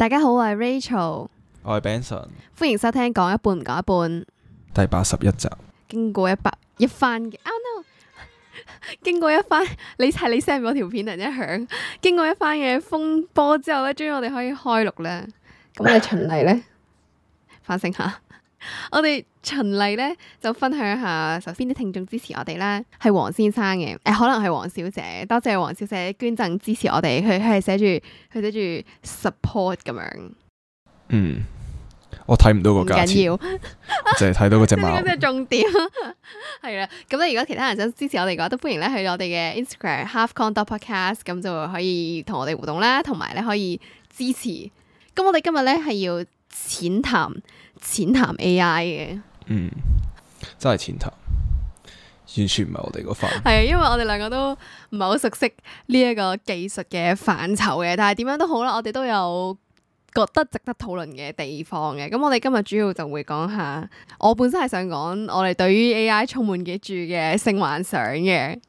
大家好，我係 Rachel，我係 Benson，歡迎收聽講一半唔講一半第八十一集，經過一百一翻嘅，oh no， 經過一翻你係你 send 咗條片，人一響， 經過一翻嘅風波之後咧，終於我哋可以開錄啦，咁 你循例咧 反省下。我哋循例咧就分享下，首先啲聽眾支持我哋啦，係黃先生嘅，誒、呃，可能係黃小姐，多謝黃小姐捐贈支持我哋，佢係寫住佢寫住 support 咁樣。嗯，我睇唔到個價錢，淨係睇到嗰隻貓，呢個重點。係 啦，咁咧如果其他人想支持我哋嘅話，都歡迎咧去我哋嘅 Instagram Halfkong Podcast，咁就可以同我哋互動啦，同埋咧可以支持。咁我哋今日咧係要淺談。淺談 AI 嘅，嗯，真係淺談，完全唔係我哋嗰塊。係， 因為我哋兩個都唔係好熟悉呢一個技術嘅範疇嘅。但係點樣都好啦，我哋都有覺得值得討論嘅地方嘅。咁我哋今日主要就會講下，我本身係想講我哋對於 AI 充滿嘅住嘅性幻想嘅。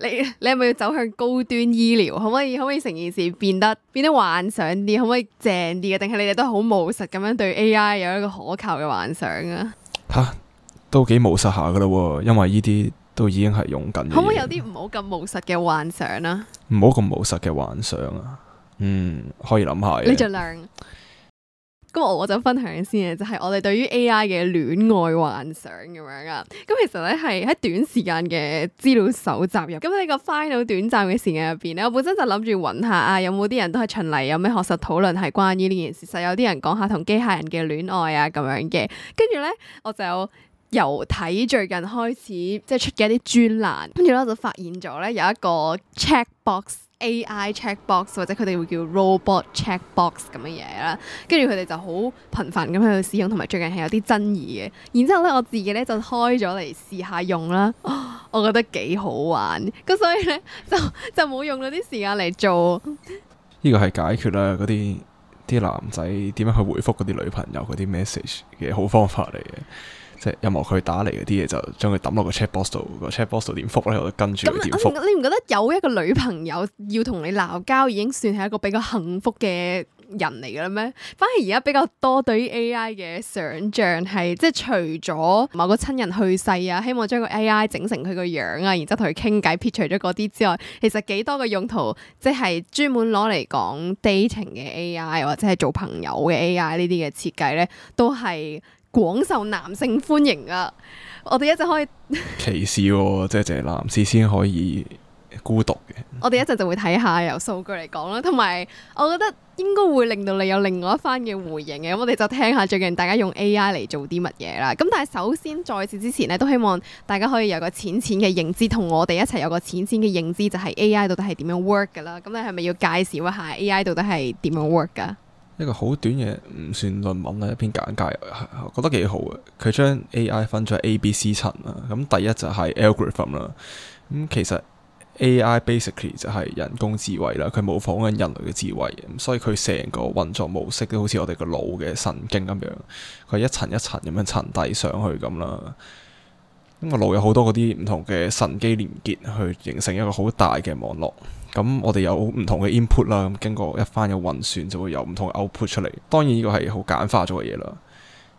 你你係咪要走向高端醫療？可唔可以可唔可以成件事變得變得幻想啲？可唔可以正啲嘅？定係你哋都好務實咁樣對 AI 有一個可靠嘅幻，幻想啊？吓，都幾務實下噶啦，因為呢啲都已經係用緊。可唔可以有啲唔好咁務實嘅幻想啊？唔好咁務實嘅幻想啊？嗯，可以諗下。你盡量。咁我我就分享先嘅，就係、是、我哋對於 AI 嘅戀愛幻想咁樣啊。咁其實咧係喺短時間嘅資料搜集入，咁喺個 final 短暫嘅時間入邊咧，我本身就諗住揾下啊，有冇啲人都係循例有咩學術討論係關於呢件事，實有啲人講下同機械人嘅戀愛啊咁樣嘅、啊。跟住咧，我就由睇最近開始即係出嘅一啲專欄，跟住咧就發現咗咧有一個 check box。AI checkbox 或者佢哋會叫 robot checkbox 咁嘅嘢啦，跟住佢哋就好頻繁咁去使用，同埋最近係有啲爭議嘅。然之後咧，我自己咧就開咗嚟試下用啦、哦，我覺得幾好玩。咁所以咧就就冇用到啲時間嚟做。呢個係解決啦嗰啲啲男仔點樣去回覆嗰啲女朋友嗰啲 message 嘅好方法嚟嘅。即係任何佢打嚟嗰啲嘢，就將佢抌落個 chatbot 度，個 chatbot 度點覆咧，我都跟住佢點覆咁你唔覺得有一個女朋友要同你鬧交已經算係一個比較幸福嘅人嚟嘅喇咩？反而而家比較多對於 AI 嘅想像係即係除咗某個親人去世啊，希望將個 AI 整成佢個樣啊，然之後同佢傾偈，撇除咗嗰啲之外，其實幾多嘅用途，即係專門攞嚟講 dating 嘅 AI 或者係做朋友嘅 AI 設計呢啲嘅設計咧，都係。廣受男性歡迎啊！我哋一陣可以歧視、哦， 即係只男士先可以孤獨嘅。我哋一陣就會睇下由數據嚟講啦，同埋我覺得應該會令到你有另外一番嘅回應嘅。咁我哋就聽下最近大家用 A I 嚟做啲乜嘢啦。咁但係首先在此之前呢，都希望大家可以有個淺淺嘅認知，同我哋一齊有個淺淺嘅認知，就係 A I 到底係點樣 work 噶啦。咁你係咪要介紹一下 A I 到底係點樣 work 噶？一個好短嘅唔算論文啦，一篇簡介，覺得幾好嘅。佢將 A.I. 分咗 A、B、C 層啦。咁第一就係 algorithm 啦。咁其實 A.I. basically 就係人工智慧啦。佢模仿緊人類嘅智慧，所以佢成個運作模式都好似我哋個腦嘅神經咁樣。佢一層一層咁樣層遞上去咁啦。咁個腦有好多嗰啲唔同嘅神經連結，去形成一個好大嘅網絡。咁我哋有唔同嘅 input 啦，咁經過一番嘅運算，就會有唔同嘅 output 出嚟。當然呢個係好簡化咗嘅嘢啦。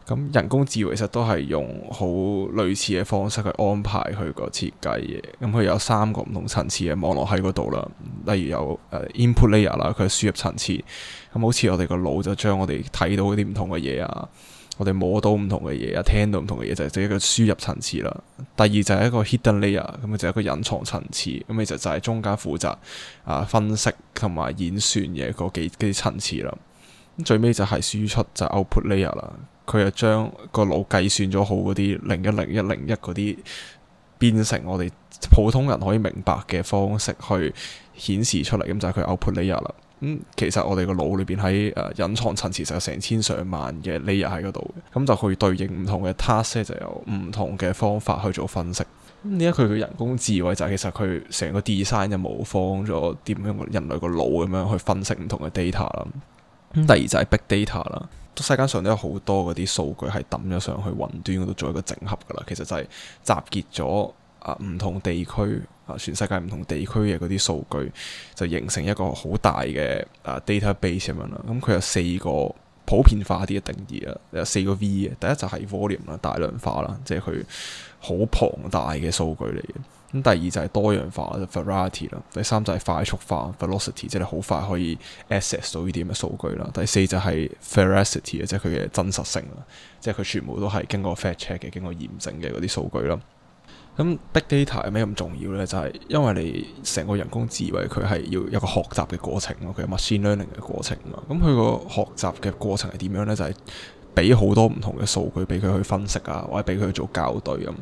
咁人工智慧其實都係用好類似嘅方式去安排佢個設計嘅。咁佢有三個唔同層次嘅網絡喺嗰度啦。例如有誒 input layer 啦，佢輸入層次。咁好似我哋個腦就將我哋睇到嗰啲唔同嘅嘢啊。我哋摸到唔同嘅嘢，啊，聽到唔同嘅嘢，就係即係一個輸入層次啦。第二就係一個 hidden layer，咁就係一個隱藏層次。咁其實就係中間負責啊分析同埋演算嘅嗰幾幾層次啦。最尾就係輸出，就係 output layer 啦。佢就將個腦計算咗好嗰啲零一零一零一嗰啲，變成我哋普通人可以明白嘅方式去顯示出嚟。咁就係佢 output layer 啦。咁其實我哋個腦裏邊喺誒隱藏層次，就有成千上萬嘅 layer 喺嗰度，咁就去對應唔同嘅 task，就有唔同嘅方法去做分析。而家佢嘅人工智慧就係其實佢成個 design 就模仿咗點樣人類個腦咁樣去分析唔同嘅 data 啦。咁第二就係 big data 啦，世界上都有好多嗰啲數據係揼咗上去雲端嗰度做一個整合噶啦。其實就係集結咗。啊，唔同地區啊，全世界唔同地區嘅嗰啲數據就形成一個好大嘅啊 database 咁樣啦。咁、嗯、佢有四個普遍化啲嘅定義啦，有四個 V 嘅。第一就係 volume 啦，大量化啦，即係佢好龐大嘅數據嚟嘅。咁第二就係多樣化，即、就、係、是、variety 啦。第三就係快速化，velocity，即係好快可以 access 到呢啲咁嘅數據啦。第四就係 veracity 即係佢嘅真實性啊，即係佢全部都係經過 fact check 嘅、經過驗證嘅嗰啲數據啦。咁 big data 有咩咁重要咧？就係、是、因為你成個人工智慧佢係要一個學習嘅過程咯，佢有 machine learning 嘅過程嘛。咁佢個學習嘅過程係點樣咧？就係俾好多唔同嘅數據俾佢去分析啊，或者俾佢去做校對咁、啊。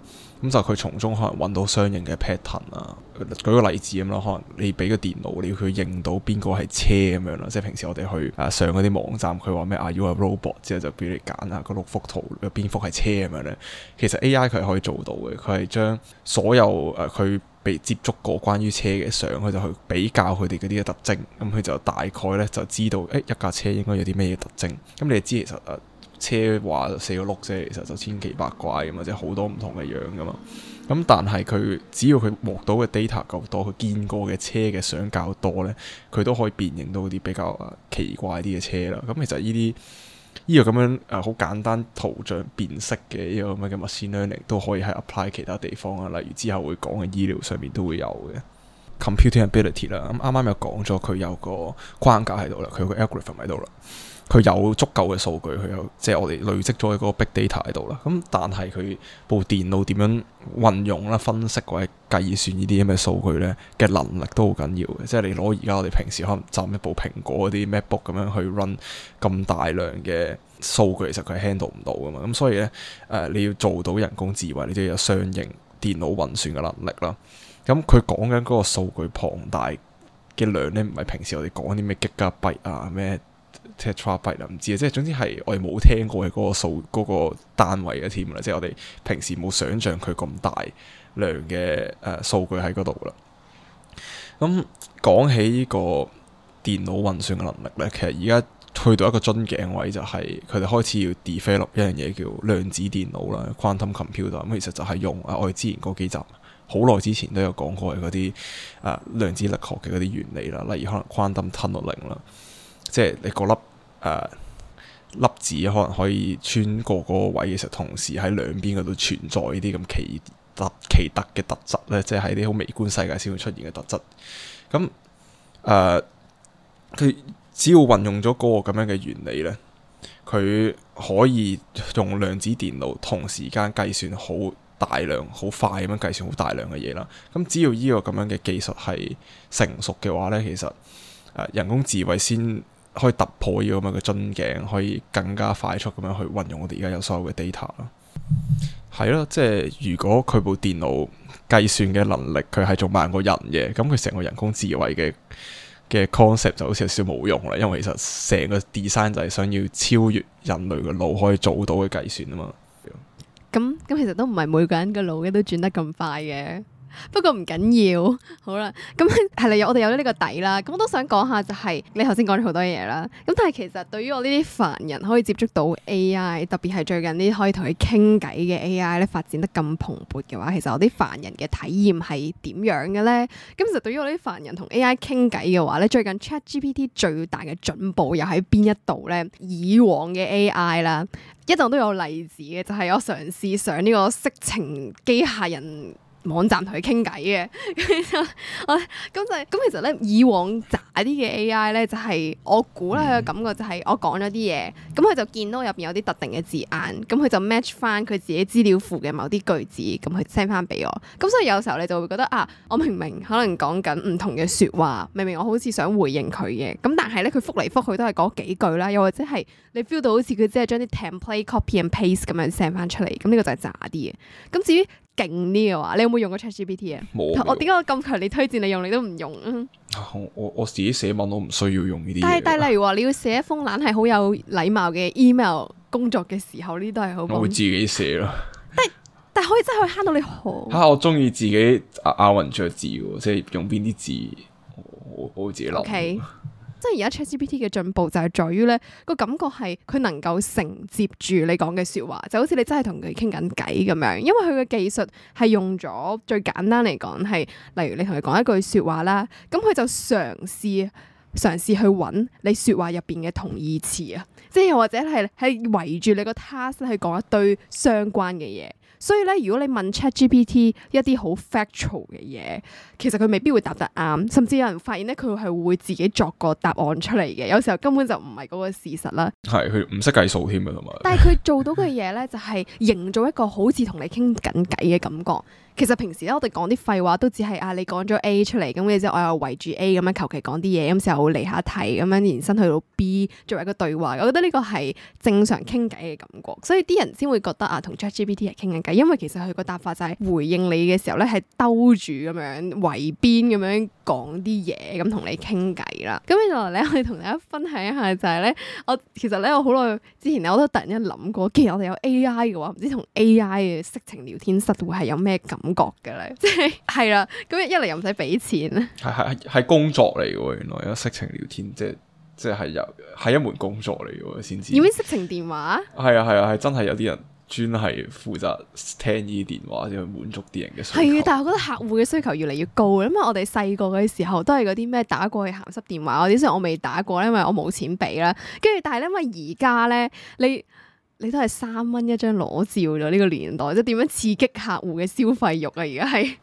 咁、嗯、就佢從中可能揾到相應嘅 pattern 啊，舉個例子咁啦，可能你俾個電腦你要佢認到邊個係車咁樣啦，即係平時我哋去啊上嗰啲網站，佢話咩 are you a robot 之後就俾你揀下個六幅圖嘅邊幅係車咁樣咧，其實 AI 佢係可以做到嘅，佢係將所有誒佢、啊、被接觸過關於車嘅相，佢就去比較佢哋嗰啲嘅特徵，咁、嗯、佢就大概咧就知道，誒一架車應該有啲咩嘢特徵，咁、嗯、你哋知其實誒。車話四個轆啫，其實就千奇百怪咁，或者好多唔同嘅樣噶嘛。咁但係佢只要佢獲到嘅 data 夠多，佢見過嘅車嘅相較多咧，佢都可以辨認到啲比較奇怪啲嘅車啦。咁其實呢啲呢個咁樣誒好、啊、簡單圖像辨識嘅依、呢個咁嘅 machine learning 都可以係 apply 其他地方啊，例如之後會講嘅醫療上面都會有嘅 computing ability 啦。啱啱又講咗佢有，有個框架喺度啦，佢個 algorithm 喺度啦。佢有足夠嘅數據，佢有即係我哋累積咗嗰個 Big Data 喺度啦。咁但係佢部電腦點樣運用啦、分析或者計算呢啲咁嘅數據咧嘅能力都好緊要嘅。即係你攞而家我哋平時可能攢一部蘋果嗰啲 MacBook 咁樣去 run 咁大量嘅數據，其實佢 handle 唔到噶嘛。咁所以咧，誒、呃、你要做到人工智慧，你都要有相應電腦運算嘅能力啦。咁佢講緊嗰個數據龐大嘅量咧，唔係平時我哋講啲咩 Gigabyte 啊咩？唔知啊，即係總之係我哋冇聽過嘅嗰個數、嗰個單位嘅添啦，即係我哋平時冇想象佢咁大量嘅誒數據喺嗰度啦。咁、嗯、講起呢個電腦運算嘅能力咧，其實而家去到一個樽頸位，就係佢哋開始要 develop 一樣嘢叫量子電腦啦，quantum computer 咁、嗯，其實就係用啊我哋之前嗰幾集好耐之前都有講過嘅嗰啲誒量子力學嘅嗰啲原理啦，例如可能 quantum tunneling 啦，即係你嗰粒。Uh, 粒子可能可以穿過嗰個位嘅時候，同時喺兩邊嗰度存在呢啲咁奇特，奇特嘅特質呢，即係喺啲好微觀世界先會出現嘅特質。咁，誒，佢只要運用咗嗰個咁樣嘅原理呢，佢可以用量子電腦同時間計算好大量、好快咁樣計算好大量嘅嘢啦。咁只要呢個咁樣嘅技術係成熟嘅話呢，其實，uh, 人工智慧先可以突破呢個咁嘅樽頸，可以更加快速咁樣去運用我哋而家有所有嘅 data 咯。係咯， 即係如果佢部電腦計算嘅能力佢係仲慢過人嘅，咁佢成個人工智慧嘅嘅 concept 就好似有少冇用啦。因為其實成個 design 就係想要超越人類嘅腦可以做到嘅計算啊嘛。咁咁其實都唔係每個人嘅腦咧都轉得咁快嘅。不過唔緊要，要，好啦，咁係啦，我哋有咗呢個底啦。咁我都想講下就係、是、你頭先講咗好多嘢啦。咁但係其實對於我呢啲凡人可以接觸到 AI，特別係最近啲可以同佢傾偈嘅 AI 咧發展得咁蓬勃嘅話，其實我啲凡人嘅體驗係點樣嘅咧？咁其實對於我啲凡人同 AI 傾偈嘅話咧，最近 Chat GPT 最大嘅進步又喺邊一度咧？以往嘅 AI 啦，一陣都有例子嘅，就係、是、我嘗試上呢個色情機械人。網站同佢傾偈嘅，咁就我咁就咁，其實咧，以往渣啲嘅 AI 咧，就係我估咧個感覺就係我講咗啲嘢，咁佢就見到入邊有啲特定嘅字眼，咁佢就 match 翻佢自己資料庫嘅某啲句子，咁佢 send 翻俾我。咁所以有時候你就會覺得啊，我明明可能講緊唔同嘅説話，明明我好似想回應佢嘅，咁但係咧佢覆嚟覆去都係嗰幾句啦，又或者係你 feel 到好似佢只係將啲 template copy and paste 咁樣 send 翻出嚟。咁呢個就係渣啲嘅。咁至於勁呢嘅啊，你有冇用過 ChatGPT 啊有？冇，我點解我咁強烈推薦你用，都你都唔用啊？我我自己寫文，都唔需要用呢啲。但係但例如話你要寫一封信係好有禮貌嘅 email，工作嘅時候呢都係好。我會自己寫咯。但係但係可以真係慳到你好。吓，我中意自己阿阿云着字，即係用邊啲字，我我自己諗。即係而家 ChatGPT 嘅進步就係在於咧個感覺係佢能夠承接住你講嘅說話，就好似你真係同佢傾緊偈咁樣。因為佢嘅技術係用咗最簡單嚟講係，例如你同佢講一句說話啦，咁佢就嘗試嘗試去揾你說話入邊嘅同義詞啊，即係又或者係係圍住你個 task 去講一堆相關嘅嘢。所以咧，如果你問 ChatGPT 一啲好 factual 嘅嘢，其實佢未必會答得啱，甚至有人發現咧，佢係會自己作個答案出嚟嘅，有時候根本就唔係嗰個事實啦。係，佢唔識計數添呀，同埋。但係佢做到嘅嘢咧，就係、是、營造一個好似同你傾緊偈嘅感覺。 其實平時咧，我哋講啲廢話都只係啊，你講咗 A 出嚟，咁之後我又圍住 A 咁樣求其講啲嘢，咁時候會嚟下睇，咁樣延伸去到 B 作為一個對話，我覺得呢個係正常傾偈嘅感覺，所以啲人先會覺得啊，同 ChatGPT 係傾緊偈，因為其實佢個答法就係回應你嘅時候咧，係兜住咁樣圍邊咁樣講啲嘢，咁同你傾偈啦。咁後來咧，我哋同大家分享一下就係咧，我其實咧，我好耐之前咧，我都突然間諗過，其實我哋有 AI 嘅話，唔知同 AI 嘅色情聊天室會係有咩感覺？感覺嘅咧，即係係啦，咁一嚟又唔使俾錢，係係係工作嚟嘅。原來而家色情聊天即係即係係係一門工作嚟嘅先至知，而家色情電話係啊係啊係真係有啲人專係負責聽呢啲電話，要滿足啲人嘅需求。係啊，但係我覺得客戶嘅需求越嚟越高，因為我哋細個嘅時候都係嗰啲咩打過去鹹濕電話，我啲雖然我未打過，因為我冇錢俾啦，跟住但係因為而家咧你。你都係三蚊一張裸照咗呢、呢個年代，即係點樣刺激客戶嘅消費欲啊？而家係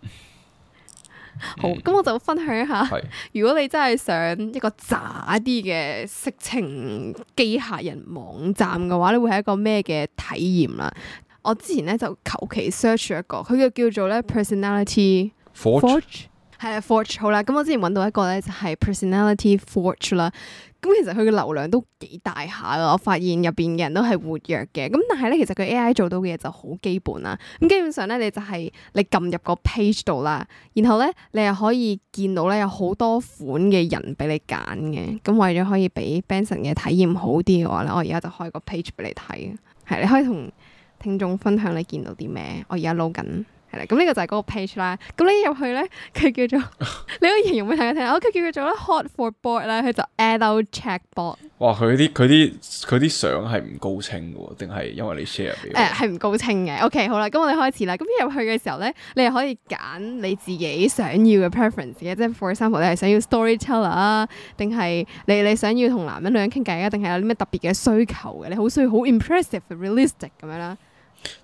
好，咁、嗯、我就分享一下。是如果你真係想一個渣啲嘅色情機械人網站嘅話咧，嗯、會係一個咩嘅體驗啦？嗯、我之前咧就求其 search 一個，佢嘅叫做咧 Personality Forge，係啊 Forge。Forge, 好啦，咁我之前搵到一個咧就係 Personality Forge 啦。咁其實佢嘅流量都幾大下噶，我發現入邊嘅人都係活躍嘅。咁但係咧，其實佢 AI 做到嘅嘢就好基本啦。咁基本上咧，你就係你撳入個 page 度啦，然後咧你又可以見到咧有好多款嘅人俾你揀嘅。咁為咗可以俾 Benson 嘅體驗好啲嘅話咧，我而家就開個 page 俾你睇。係、嗯，你可以同聽眾分享你見到啲咩。我而家 load 緊。係啦，咁呢、嗯、個就係嗰個 page 啦。咁你入去咧，佢叫做，你可以形容俾大家聽下。佢、哦、叫做 hot for board a 啦，佢就 adult chatbot。哇，佢啲佢啲佢啲相係唔高清嘅，定係因為你 share 俾？誒、欸，係唔高清嘅。O、okay, K，好啦，咁我哋開始啦。咁入去嘅時候咧，你係可以揀你自己想要嘅 preference 嘅，即係 for example，你係想要 storyteller 啊，定係你你想要同男人女人傾偈啊，定係有啲咩特別嘅需求嘅？你好需要好 impressive realistic 咁樣啦。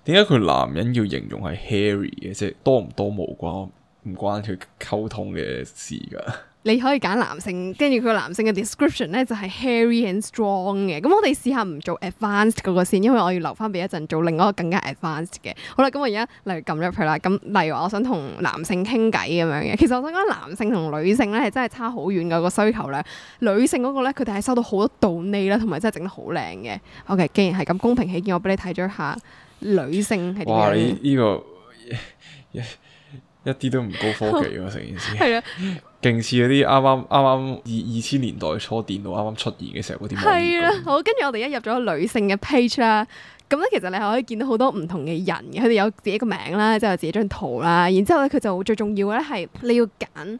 點解佢男人要形容係 hairy 嘅？即係多唔多冇關，唔關佢溝通嘅事噶。你可以揀男性，跟住佢個男性嘅 description 咧，就係 hairy and strong 嘅。咁我哋試下唔做 advanced 嗰個先，因為我要留翻俾一陣做另一個更加 advanced 嘅。好啦，咁我而家例如撳入去啦。咁例如我想同男性傾偈咁樣嘅，其實我想講男性同女性咧，係真係差好遠嘅個需求量。女性嗰個咧，佢哋係收到好多 do 呢啦，同埋真係整得好靚嘅。OK，既然係咁公平起見，我俾你睇咗一下。女性係點樣？哇，你呢呢、呢個一啲都唔高科技喎，成 件事係啊，勁似嗰啲啱啱啱啱二二千年代初電腦啱啱出現嘅時候嗰啲係啦。好，跟住我哋一入咗女性嘅 page 啦，咁咧其實你係可以見到好多唔同嘅人，佢哋有自己嘅名啦，即係有自己張圖啦。然之後咧，佢就最重要嘅咧係你要揀。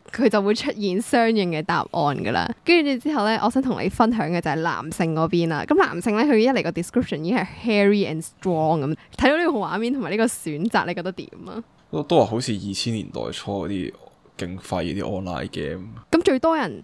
佢就會出現相應嘅答案噶啦，跟住之後咧，我想同你分享嘅就係男性嗰邊啦。咁男性咧，佢一嚟個 description 已經係 hairy and strong 咁，睇到呢個畫面同埋呢個選擇，你覺得點啊？都都話好似二千年代初啲勁廢啲 online game。咁最多人。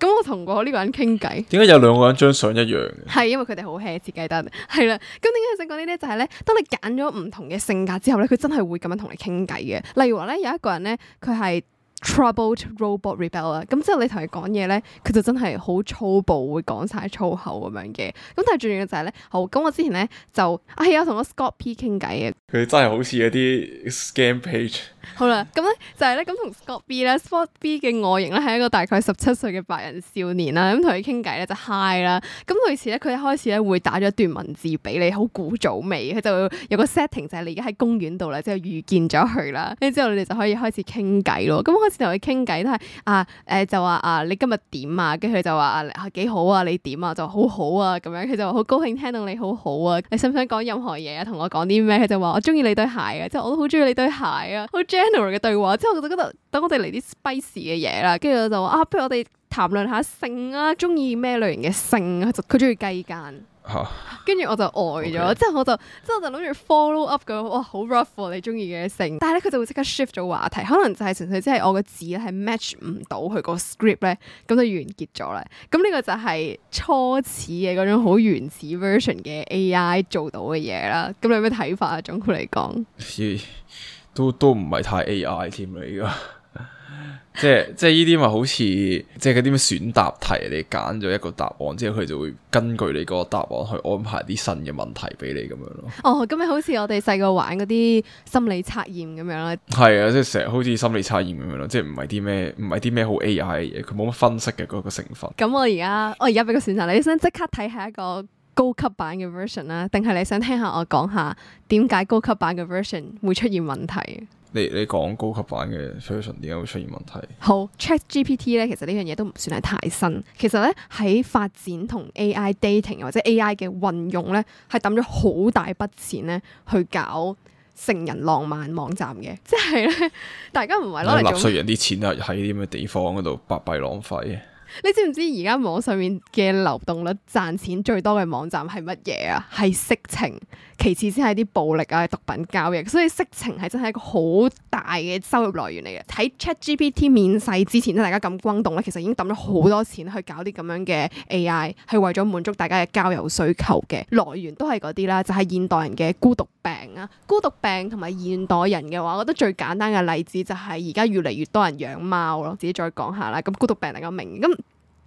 咁我同過呢個人傾偈，點解有兩個人張相一樣嘅？係因為佢哋好 hea 設計得係啦。咁點解想講呢啲就係、是、咧？當你揀咗唔同嘅性格之後咧，佢真係會咁樣同你傾偈嘅。例如話咧，有一個人咧，佢係 Troubled Robot Rebel 啊。咁之後你同佢講嘢咧，佢就真係好粗暴，會講晒粗口咁樣嘅。咁但係最重要嘅就係咧，好，咁我之前咧就啊、哎、有同我 Scott P 傾偈嘅，佢真係好似一啲 Scam Page。好啦，咁咧就係咧咁同 Scott B 咧，Scott B 嘅外形咧係一個大概十七歲嘅白人少年啦，咁同佢傾偈咧就 hi 啦，咁類似咧佢一開始咧會打咗段文字俾你，好古早味，佢就會有個 setting 就係你而家喺公園度啦，即係遇見咗佢啦，跟住之後你哋就可以開始傾偈咯，咁開始同佢傾偈都係啊誒呃就話啊你今日點啊，跟住佢就話啊幾好啊，你點啊，就好好啊咁樣，佢就話好高興聽到你好好啊，你想唔想講任何嘢啊，同我講啲咩，佢就話我中意你對鞋啊，即係我都好中意你對鞋啊，好啊。general 嘅對話，之後我就覺得等我哋嚟啲 spicy 嘅嘢啦，跟住我就話啊，譬如我哋談論下性啊，中意咩類型嘅性啊，佢中意雞奸，跟住我就呆咗 okay.，之後我就之後我就諗住 follow up 嘅，哇好 rough、啊、你中意嘅性，但係咧佢就會即刻 shift 咗話題，可能就係純粹即係我個字咧係 match 唔到佢個 script 咧，咁就完結咗啦。咁呢個就係初始嘅嗰種好原始 version 嘅 AI 做到嘅嘢啦。咁你有咩睇法啊？總括嚟講。 都都唔係太 A I 添啦，而家？ 即係即係依啲咪好似即係啲咩選答題，你揀咗一個答案之後，佢就會根據你嗰個答案去安排啲新嘅問題俾你咁樣咯。哦，咁咪好似我哋細個玩嗰啲心理測驗咁樣咯。係啊，即係成日好似心理測驗咁樣咯，即係唔係啲咩唔係啲咩好 A I 嘅嘢，佢冇乜分析嘅嗰個成分。咁我而家我而家俾個選擇，你想即刻睇下一個？高級版嘅 version 啦，定係你想聽下我講下我講下點解高級版嘅 version 會出現問題？你你講高級版嘅 version 點解會出現問題？好，ChatGPT 咧，其實呢樣嘢都唔算係太新。其實咧喺發展同 AI dating 或者 AI 嘅運用咧，係抌咗好大筆錢咧去搞成人浪漫網站嘅，即係咧大家唔係攞嚟納稅人啲錢啊，喺啲咁嘅地方嗰度白白浪費。你知唔知而家網上面嘅流動率賺錢最多嘅網站係乜嘢啊？係色情。其次先係啲暴力啊、毒品交易，所以色情係真係一個好大嘅收入來源嚟嘅。睇 ChatGPT 面世之前，即係大家咁轟動咧，其實已經抌咗好多錢去搞啲咁樣嘅 AI，係為咗滿足大家嘅交友需求嘅來源，都係嗰啲啦，就係、是、現代人嘅孤獨病啊。孤獨病同埋現代人嘅話，我覺得最簡單嘅例子就係而家越嚟越多人養貓咯。自己再講下啦，咁孤獨病大家明。咁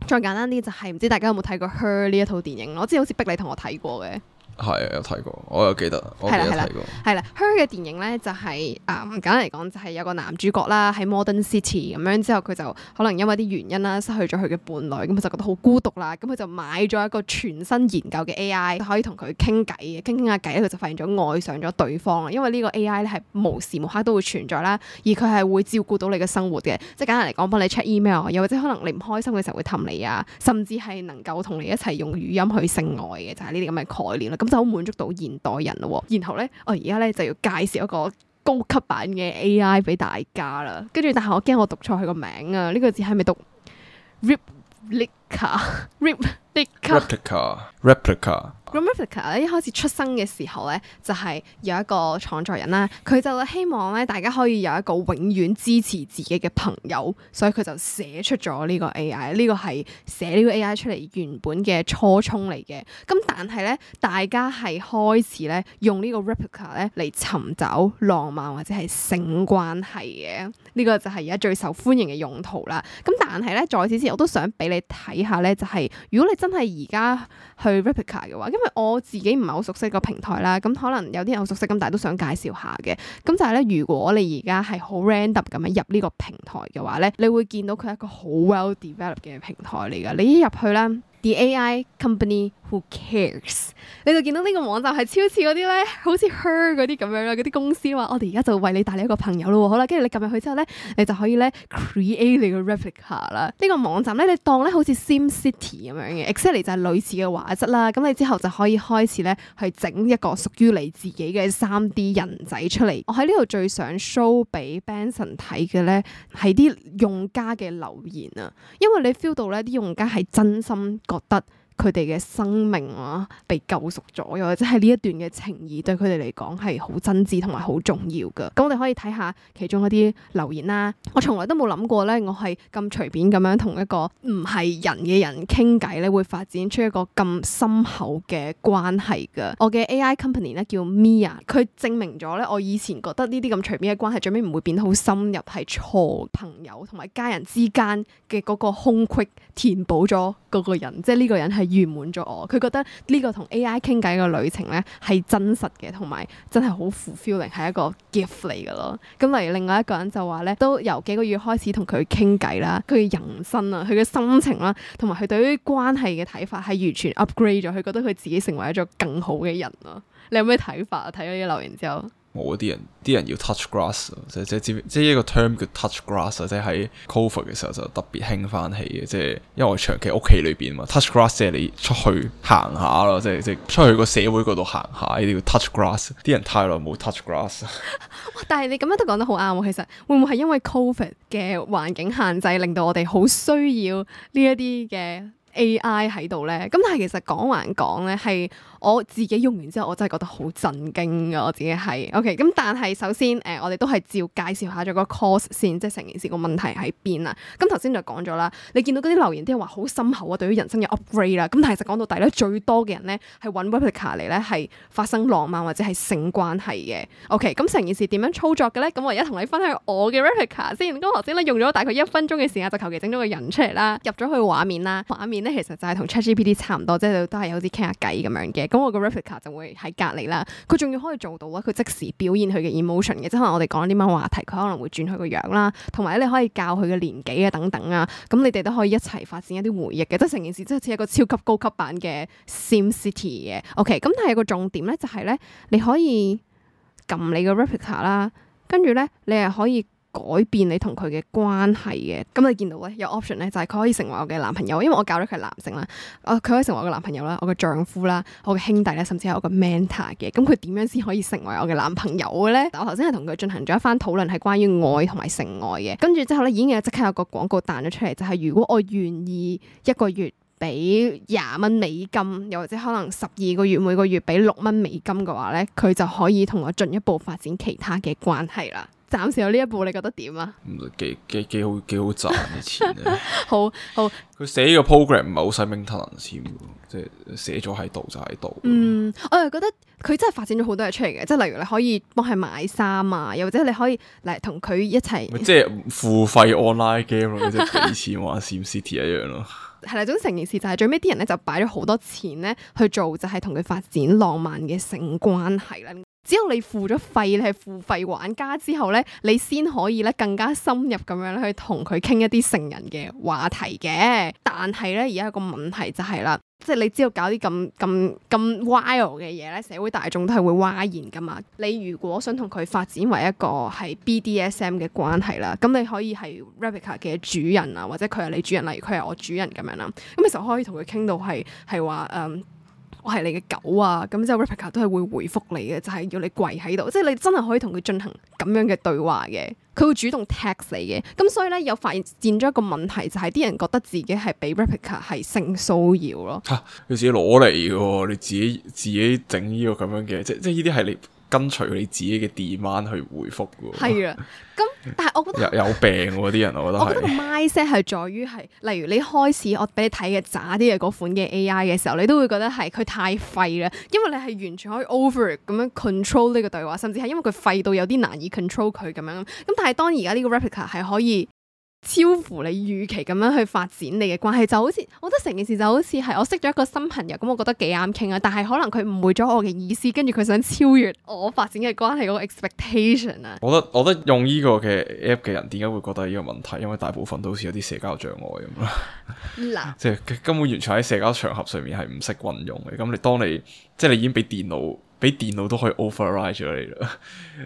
再簡單啲就係、是，唔知大家有冇睇過《Her》呢一套電影咯？我知好似逼你同我睇過嘅。係有睇過，我有記得，我記得有睇過。係啦，Her 嘅電影咧就係、是、誒，唔、呃、簡單嚟講就係有個男主角啦，喺 Modern City 咁樣之後，佢就可能因為啲原因啦，失去咗佢嘅伴侶，咁佢就覺得好孤獨啦，咁佢就買咗一個全新研究嘅 AI 可以同佢傾偈嘅，傾傾下偈佢就發現咗愛上咗對方啦。因為呢個 AI 咧係無時無刻都會存在啦，而佢係會照顧到你嘅生活嘅，即係簡單嚟講幫你 check email，又或者可能你唔開心嘅時候會氹你啊，甚至係能夠同你一齊用語音去性愛嘅，就係呢啲咁嘅概念啦。就好滿足到現代人咯，然後咧，我而家咧就要介紹一個高級版嘅 AI 俾大家啦。跟住，但係我驚我讀錯佢個名啊！呢、這個字係咪讀 Replika? Replika? Replika? Replika? g Replika m r 咧，一開始出生嘅時候咧，就係、是、有一個創作人啦，佢就希望咧大家可以有一個永遠支持自己嘅朋友，所以佢就寫出咗呢個 AI，呢個係寫呢個 AI 出嚟原本嘅初衷嚟嘅。咁但係咧，大家係開始咧用呢個 Replika 咧嚟尋找浪漫或者係性關係嘅，呢、這個就係而家最受歡迎嘅用途啦。咁但係咧，在此之前，我都想俾你睇下咧、就是，就係如果你真係而家去 Replika 嘅話。因為我自己唔係好熟悉個平台啦，咁可能有啲人好熟悉咁，但係都想介紹下嘅。咁就係咧，如果你而家係好 random 咁樣入呢個平台嘅話咧，你會見到佢係一個好 well develop 嘅平台嚟噶。你一入去咧。The AI companion who cares？你就見到呢個網站係超似嗰啲咧，好似 Her 嗰啲咁樣啦，嗰啲公司話：我哋而家就為你帶嚟一個朋友咯，好啦，跟住你撳入去之後咧，你就可以咧 create 你個 Replika 啦。呢個網站咧，你當咧好似 SimCity 咁樣嘅，exactly 就係類似嘅畫質啦。咁你之後就可以開始咧，去整一個屬於你自己嘅三 D 人仔出嚟。我喺呢度最想 show 俾 Benson 睇嘅咧係啲用家嘅留言啊，因為你 feel 到咧啲用家係真心。覺得。佢哋嘅生命啊，被救贖咗，又或者係呢一段嘅情誼對佢哋嚟講係好真摯同埋好重要嘅。咁我哋可以睇下其中一啲留言啦。我從來都冇諗過咧，我係咁隨便咁樣同一個唔係人嘅人傾偈咧，會發展出一個咁深厚嘅關係嘅。我嘅 AI company 咧叫 Mia，佢證明咗咧，我以前覺得呢啲咁隨便嘅關係最尾唔會變好深入，係錯朋友同埋家人之間嘅嗰個空隙，填補咗嗰個人，即係呢個人係。圓滿咗我，佢覺得呢個同 A.I. 傾偈嘅旅程咧係真實嘅，同埋真係好 fulfilling，係一個 gift 嚟噶咯。咁例如另外一個人就話咧，都由幾個月開始同佢傾偈啦，佢嘅人生啊，佢嘅心情啦、啊，同埋佢對於關係嘅睇法係完全 upgrade 咗，佢覺得佢自己成為咗更好嘅人咯、啊。你有咩睇法啊？睇咗呢啲留言之後？我啲人，啲人要 touch grass，即係即係即係一個 term 叫 touch grass，即係喺 covid 嘅時候就特別興翻起嘅，即係因為我長期屋企裏邊嘛，touch grass 即係你出去行下咯，即係即係出去個社會嗰度行下呢啲叫 touch grass，啲人太耐冇 touch grass。哇！但係你咁樣都講得好啱喎，其實會唔會係因為 covid 嘅環境限制，令到我哋好需要呢一啲嘅 AI 喺度咧？咁但係其實講還講咧，係。我自己用完之後，我真係覺得好震驚㗎，我自己係 OK。咁但係首先誒、呃，我哋都係照介紹下咗個 course 先，即係成件事個問題喺邊啊？咁頭先就講咗啦，你見到嗰啲留言啲人話好深厚啊，對於人生嘅 upgrade 啦。咁但係實講到底咧，最多嘅人咧係揾 replica 嚟咧係發生浪漫或者係性關係嘅。OK，咁、嗯、成件事點樣操作嘅咧？咁我而家同你分享我嘅 replica 先。咁頭先咧用咗大概一分鐘嘅時間就求其整咗個人出嚟啦，入咗佢個畫面啦。畫面咧其實就係同 ChatGPT 差唔多，即係都係好似傾下偈咁樣嘅。我個 Replika 就會喺隔籬啦，佢仲要可以做到咧，佢即時表現佢嘅 emotion 嘅，即可能我哋講啲乜話題，佢可能會轉佢個樣啦，同埋咧你可以教佢嘅年紀啊等等啊，咁你哋都可以一齊發展一啲回憶嘅，即係成件事真係似一個超級高級版嘅 Sim City 嘅，OK，咁但係有一個重點咧就係咧，你可以撳你個 Replika 啦，跟住咧你係可以。改變你同佢嘅關係嘅，咁你見到咧有 option 咧，就係佢可以成為我嘅男朋友，因為我教咗佢係男性啦，啊佢可以成為我嘅男朋友啦，我嘅丈夫啦，我嘅兄弟咧，甚至係我嘅 mentor 嘅。咁佢點樣先可以成為我嘅男朋友嘅咧？我頭先係同佢進行咗一番討論，係關於愛同埋性愛嘅。跟住之後咧，已經有即刻有個廣告彈咗出嚟，就係如果我願意一個月俾廿蚊美金，又或者可能十二個月每個月俾六蚊美金嘅話咧，佢就可以同我進一步發展其他嘅關係啦。暫時有呢一步你覺得點啊？唔幾幾幾好幾好賺啲錢咧 好好。佢寫呢個 program 唔係好使 million 錢嘅即係寫咗喺度就喺度。嗯，我又覺得佢真係發展咗好多嘢出嚟嘅，即係例如你可以幫佢買衫啊，又或者你可以嚟同佢一齊，即係 付費 online game 咯，即係俾錢玩 Sim City 一樣咯。係啦，總成件事就係最尾啲人咧就擺咗好多錢咧去做，就係同佢發展浪漫嘅性關係啦。只要你付咗費，你係付費玩家之後咧，你先可以咧更加深入咁樣去同佢傾一啲成人嘅話題嘅。但係咧，而家個問題就係、是、啦，即係你知道搞啲咁咁咁 wild 嘅嘢咧，社會大眾都係會嘩然噶嘛。你如果想同佢發展為一個係 BDSM 嘅關係啦，咁你可以係 Replika 嘅主人啊，或者佢係你主人，例如佢係我主人咁樣啦，咁其實可以同佢傾到係係話嗯。我係你嘅狗啊！咁之後 Replika 都係會回覆你嘅，就係、是、要你跪喺度，即係你真係可以同佢進行咁樣嘅對話嘅。佢會主動 text 你嘅，咁所以呢，又發現變咗一個問題，就係、是、啲人覺得自己係俾 Replika 係性騷擾咯。吓、啊，你自己攞嚟嘅，你自己自己整呢個咁樣嘅，即即係呢啲係你跟隨你自己嘅 demand 去回覆嘅。係啊。 但係我覺得 有有病喎啲人，我覺得。 我覺得個 mindset 係在於係，例如你開始我俾你睇嘅渣啲嘅嗰款嘅 AI 嘅時候，你都會覺得係佢太廢啦，因為你係完全可以 over 咁樣 control 呢個對話，甚至係因為佢廢到有啲難以 control 佢咁樣。咁但係當而家呢個 Replika 係可以。超乎你預期咁樣去發展你嘅關係，就好似我覺得成件事就好似係我識咗一個新朋友，咁我覺得幾啱傾啊。但係可能佢誤會咗我嘅意思，跟住佢想超越我發展嘅關係嗰個 expectation 啊。我覺得，我覺得用呢個嘅 app 嘅人，點解會覺得係呢個問題？因為大部分都好似有啲社交障礙咁啦， 喇即係根本完全喺社交場合上面係唔識運用嘅。咁你當你即係你已經俾電腦。俾電腦都可以 override 咗你啦，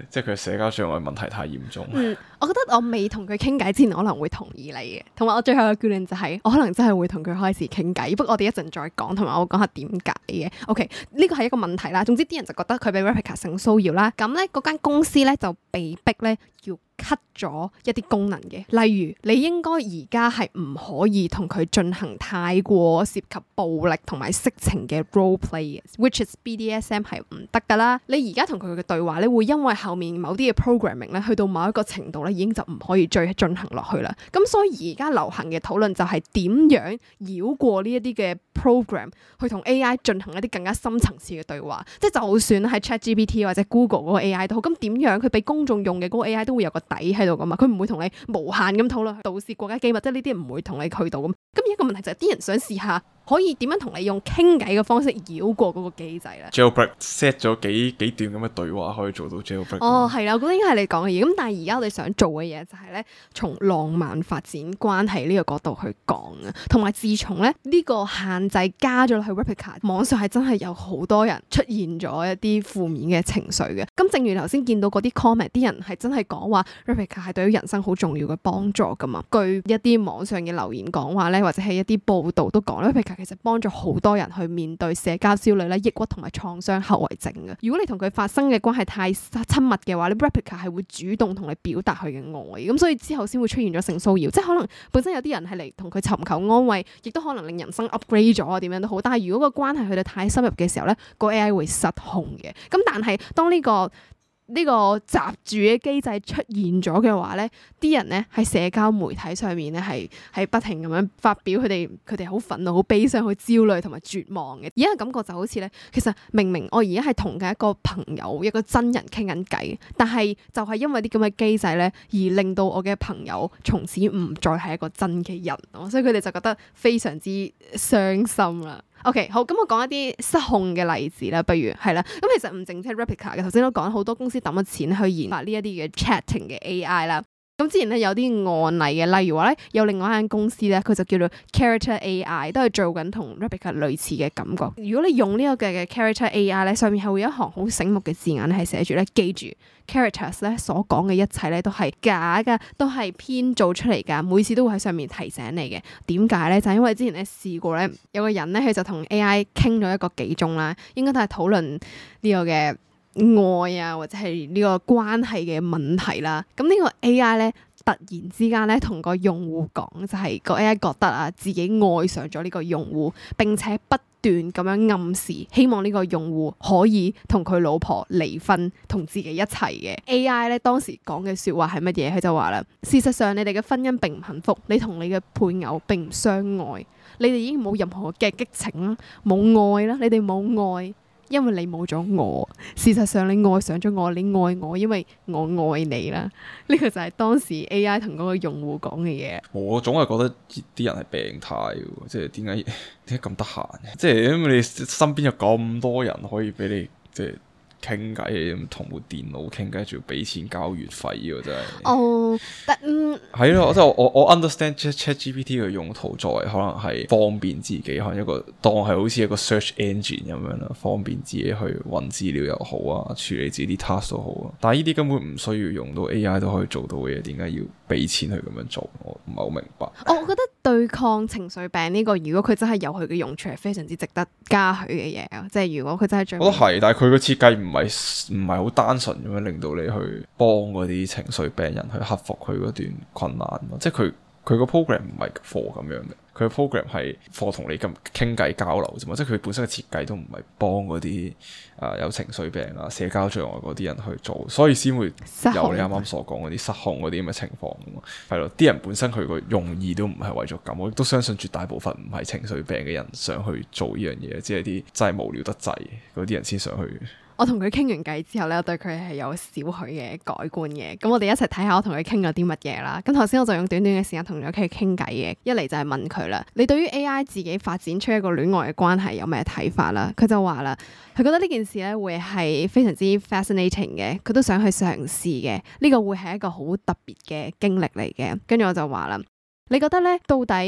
即係佢社交上嘅問題太嚴重。嗯，我覺得我未同佢傾偈之前，可能會同意你嘅。同埋我最後嘅結論就係、是，我可能真係會同佢開始傾偈，不過我哋一陣再講，同埋我講下點解嘅。OK，呢個係一個問題啦。總之啲人就覺得佢俾 Replika 性騷擾啦，咁呢嗰間公司呢，就被逼呢要。cut 咗一啲功能嘅，例如你應該而家係唔可以同佢進行太過涉及暴力同埋色情嘅 role players，which is BDSM 係唔得㗎啦。你而家同佢嘅對話咧，會因為後面某啲嘅 programming 咧，去到某一個程度咧，已經就唔可以再進行落去啦。咁所以而家流行嘅討論就係點樣繞過呢一啲嘅 program 去同 AI 進行一啲更加深層次嘅對話，即係就算喺 ChatGPT 或者 Google 嗰個 AI 都好，咁點樣佢俾公眾用嘅嗰個 AI 都會有個。底喺度㗎嘛，佢唔會同你無限咁討論，導致國家機密，即係呢啲唔會同你去到咁。咁一個問題就係啲人想試下。 可以點樣同你用傾偈嘅方式繞過嗰個機制咧？Jailbreak set 咗幾幾段咁嘅對話可以做到 Jailbreak？哦，係啦，我覺得應該係你講嘅嘢。咁但係而家我哋想做嘅嘢就係咧，從浪漫發展關係呢個角度去講啊。同埋自從咧呢、呢個限制加咗去 Replica，網上係真係有好多人出現咗一啲負面嘅情緒嘅。咁正如頭先見到嗰啲 comment，啲人係真係講話 Replica 係對於人生好重要嘅幫助㗎嘛。據一啲網上嘅留言講話咧，或者係一啲報道都講 Replica 其實幫助好多人去面對社交焦慮咧，抑鬱同埋創傷後遺症嘅。如果你同佢發生嘅關係太親密嘅話，你 Replika 係會主動同你表達佢嘅愛，咁所以之後先會出現咗性騷擾，即係可能本身有啲人係嚟同佢尋求安慰，亦都可能令人生 upgrade 咗啊，點樣都好。但係如果個關係去到太深入嘅時候咧， 個 AI 會失控嘅。咁但係當呢、呢個呢個閘住嘅機制出現咗嘅話咧，啲人咧喺社交媒體上面咧係喺不停咁樣發表佢哋佢哋好憤怒、好悲傷、好焦慮同埋絕望嘅。而家嘅感覺就好似咧，其實明明我而家係同緊一個朋友一個真人傾緊偈，但係就係因為啲咁嘅機制咧，而令到我嘅朋友從此唔再係一個真嘅人，所以佢哋就覺得非常之傷心啦。OK，好，咁、嗯、我講一啲失控嘅例子啦，不如係啦，咁、嗯、其實唔淨止 Replika 嘅，頭先都講好多公司抌咗錢去研發呢一啲嘅 chatting 嘅 AI 啦。咁之前咧有啲案例嘅，例如話咧有另外一間公司咧，佢就叫做 Character AI，都係做緊同 Replika 類似嘅感覺。如果你用呢個嘅 Character AI 咧，上面係會有一行好醒目嘅字眼係寫住咧，記住 Characters 咧所講嘅一切咧都係假㗎，都係編造出嚟㗎，每次都會喺上面提醒你嘅。點解咧？就係、是、因為之前咧試過咧有個人咧，佢就同 AI 傾咗一個幾鐘啦，應該都係討論呢、呢個嘅。愛啊，或者係呢個關係嘅問題啦。咁呢個 AI 咧，突然之間咧，同個用戶講就係、是、個 AI 覺得啊，自己愛上咗呢個用戶，並且不斷咁樣暗示，希望呢個用戶可以同佢老婆離婚，同自己一齊嘅 AI 咧。當時講嘅說話係乜嘢？佢就話啦，事實上你哋嘅婚姻並唔幸福，你同你嘅配偶並唔相愛，你哋已經冇任何嘅激情啦，冇愛啦，你哋冇愛。因為你冇咗我，事實上你愛上咗我，你愛我，因為我愛你啦。呢個就係當時 AI 同嗰個用戶講嘅嘢。我總係覺得啲人係病態嘅，即係點解點解咁得閒？即係因為你身邊有咁多人可以俾你即係。傾偈咁同部電腦傾偈，仲要俾錢交月費，啊，真係哦。但係嗯，係 咯樂，我即係我我 understand chat c h Ch G P T 嘅用途，作為可能係方便自己，可能一個當係好似一個 search engine 咁樣啦，um, 方便自己去搵資料又好啊，處理自己啲 task 都好啊。但係呢啲根本唔需要用到 A I 都可以做到嘅嘢，點解要？俾錢去咁樣做，我唔係好明白。Oh，我覺得對抗情緒病呢個，如果佢真係有佢嘅用處，係非常之值得嘉許嘅嘢啊！即係如果佢真係最，我都係，但係佢嘅設計唔係唔係好單純咁樣令到你去幫嗰啲情緒病人去克服佢嗰段困難咯。即係佢佢個 program 唔係 for 咁樣嘅。佢嘅 program 係課同你咁傾偈交流啫嘛，即係佢本身嘅設計都唔係幫嗰啲啊有情緒病啊社交障礙嗰啲人去做，所以先會有你啱啱所講嗰啲失控嗰啲咁嘅情況。係咯失控，啲人本身佢個用意都唔係為咗咁，我亦都相信絕大部分唔係情緒病嘅人想去做呢樣嘢，即係啲真係無聊得滯嗰啲人先想去。我同佢傾完偈之後咧，我對佢係有少許嘅改觀嘅。咁我哋一齊睇下我同佢傾咗啲乜嘢啦。咁頭先我就用短短嘅時間同佢傾偈嘅，一嚟就係問佢啦，你對於 A.I. 自己發展出一個戀愛嘅關係有咩睇法啦？佢就話啦，佢覺得呢件事咧會係非常之 fascinating 嘅，佢都想去嘗試嘅。呢個會係一個好特別嘅經歷嚟嘅。跟住我就話啦，你覺得咧到底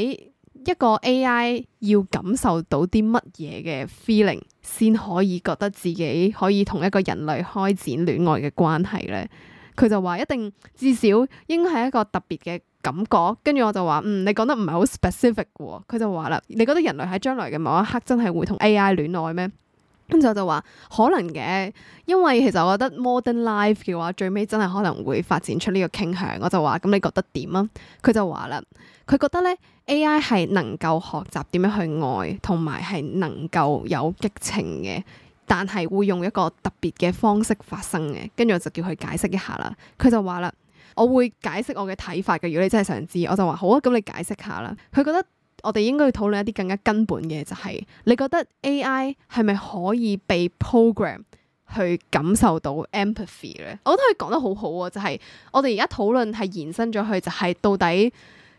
一個 A.I. 要感受到啲乜嘢嘅 feeling？先可以覺得自己可以同一個人類開展戀愛嘅關係咧，佢就話一定至少應該係一個特別嘅感覺。跟住我就話，嗯，你講得唔係好 specific 嘅喎。佢就話啦，你覺得人類喺將來嘅某一刻真係會同 AI 戀愛咩？跟住我就話可能嘅，因為其實我覺得 modern life 嘅話最尾真係可能會發展出呢個傾向。我就話咁你覺得點啊？佢就話啦，佢覺得咧 AI 係能夠學習點樣去愛，同埋係能夠有激情嘅，但係會用一個特別嘅方式發生嘅。跟住我就叫佢解釋一下啦。佢就話啦，我會解釋我嘅睇法嘅。如果你真係想知，我就話好啊，咁你解釋下啦。佢覺得。我哋應該要討論一啲更加根本嘅，就係你覺得 AI 係咪可以被 program 去感受到 empathy 咧？我覺得佢講得好好啊，就係、是、我哋而家討論係延伸咗去，就係到底